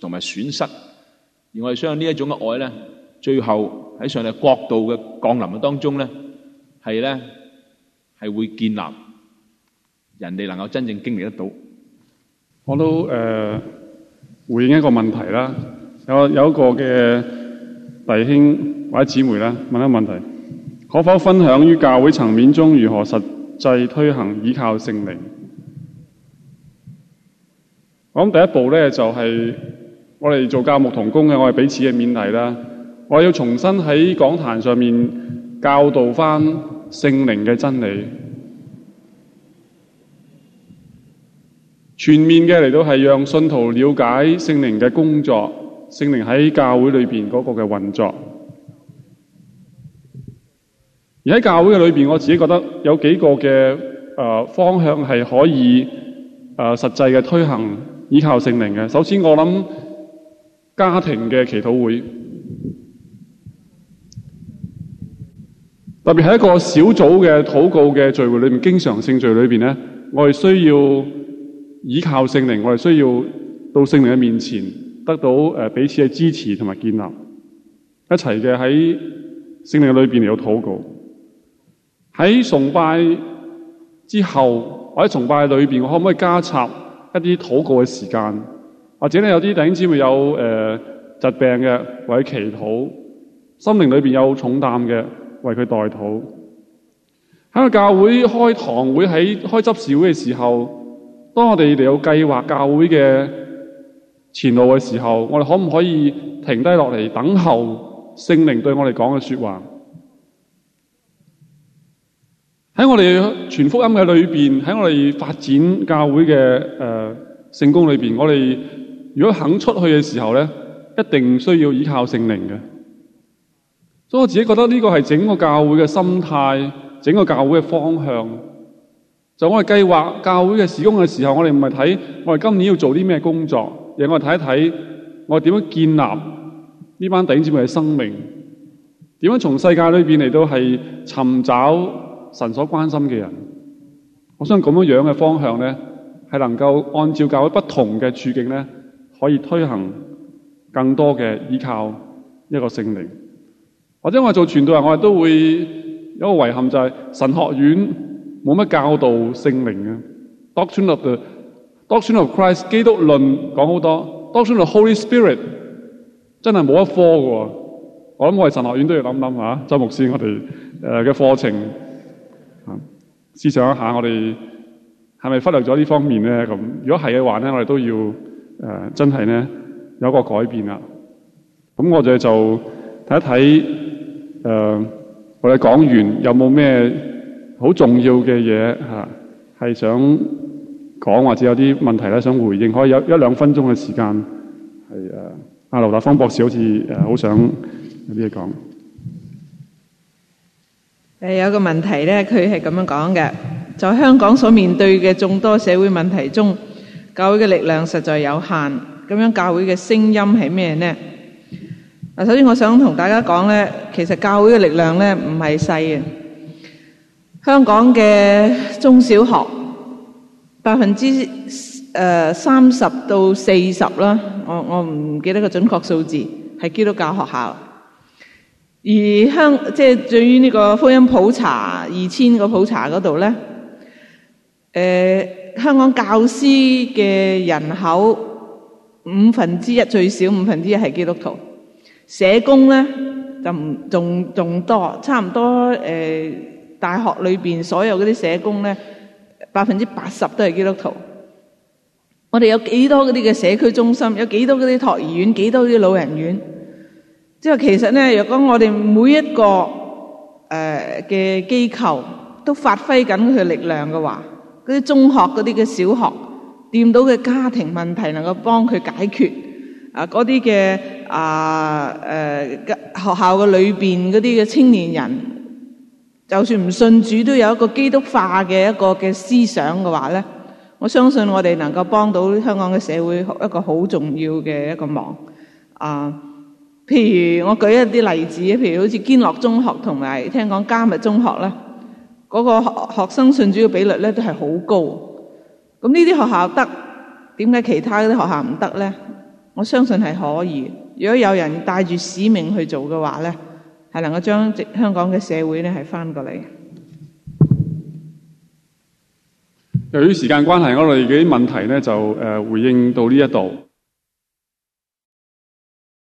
同埋損失。而我哋相信呢一種嘅愛咧，最後喺上帝國度嘅降臨嘅當中咧，係咧係會建立人哋能夠真正經歷得到。我都誒、呃、回應一個問題啦，有有一個嘅弟兄或者姊妹啦，問一個問題，可否分享於教會層面中如何實際推行依靠聖靈？我諗第一步咧就係、是、我哋做教牧同工嘅，我哋彼此嘅勉勵啦。我要重新喺講壇上面教導翻聖靈嘅真理。全面嘅嚟到，係讓信徒了解聖靈嘅工作，聖靈喺教會裏邊嗰個嘅運作。而喺教會嘅裏邊，我自己覺得有幾個嘅誒方向係可以誒實際嘅推行依靠聖靈嘅。首先，我諗家庭嘅祈禱會，特別係一個小組嘅禱告嘅聚會裏面，經常性聚會裏邊咧，我哋需要。依靠聖靈，我哋需要到聖靈嘅面前，得到誒彼此嘅支持同埋建立，一齊嘅喺聖靈裏邊嚟做禱告。喺崇拜之後或者崇拜裏邊，我可唔可以加插一啲禱告嘅時間？或者咧有啲弟兄姊妹有誒疾病嘅，為佢祈禱；心靈裏邊有重擔嘅，為佢代禱。喺個教會開堂會喺開執事會嘅時候。當我哋有計劃教會嘅前路嘅時候，我哋可唔可以停低落嚟等候聖靈對我哋講嘅說話？喺我哋傳福音嘅裏邊，喺我哋發展教會嘅誒成功裏邊，我哋如果肯出去嘅時候咧，一定需要依靠聖靈嘅。所以我自己覺得呢個係整個教會嘅心態，整個教會嘅方向。就我哋計劃教會嘅事工嘅時候，我哋唔係睇我哋今年要做啲咩工作，而我哋睇一睇我哋點樣建立呢班弟兄姐妹嘅生命，點樣從世界裏邊嚟到係尋找神所關心嘅人。我相信咁樣樣嘅方向咧，係能夠按照教會不同嘅處境咧，可以推行更多嘅依靠一個聖靈。或者我哋做傳道人，我哋都會有個遺憾，就係神學院。冇乜教導聖靈啊，doctrine of doctrine of Christ 基督論講好多，doctrine of Holy Spirit 真係冇一科喎。我諗我哋神學院都要諗諗下周牧師我哋誒嘅課程，思想一下我哋係咪忽略咗呢方面咧？咁如果係嘅話咧，我哋都要誒、呃、真係咧有個改變啦，咁我哋就睇一睇誒、呃、我哋講完有冇咩？好重要嘅嘢嚇，係想講或者有啲問題咧，想回應，可以有一兩分鐘嘅時間。係啊，阿劉達芳博士好似誒好想有啲嘢講。誒有個問題咧，佢係咁樣講嘅。在香港所面對嘅眾多社會問題中，教會嘅力量實在有限。咁樣教會嘅聲音係咩咧？嗱，首先我想同大家講咧，其實教會嘅力量咧唔係細嘅。香港嘅中小學百分之誒三十到四十啦，我我唔記得個準確數字，係基督教學校。而香即係對於呢個福音普查二千個普查嗰度咧，誒香港教師嘅人口五分之一，最少五分之一係基督徒，社工咧就唔仲仲多，差唔多、呃大學裏面所有嗰啲社工咧，百分之八十都係基督徒。我哋有幾多嗰啲嘅社區中心，有幾多嗰啲托兒院，幾多啲老人院？即係其實咧，若果我哋每一個誒嘅呃機構都發揮緊佢力量嘅話，嗰啲中學嗰啲嘅小學，掂到嘅家庭問題能夠幫佢解決，啊嗰啲嘅啊誒學校嘅裏面嗰啲嘅青年人。就算唔信主，都有一個基督化嘅一個嘅思想嘅話咧，我相信我哋能夠幫到香港嘅社會一個好重要嘅一個忙。啊，譬如我舉一啲例子，譬如好似堅樂中學同埋聽講加密中學咧，嗰、嗰個學學生信主嘅比率咧都係好高。咁呢啲學校得，點解其他嗰啲學校唔得咧？我相信係可以。如果有人帶住使命去做嘅話咧，能夠將香港嘅社會咧，係翻過嚟。由於時間關係，我哋嘅啲問題呢，就誒回應到呢一度。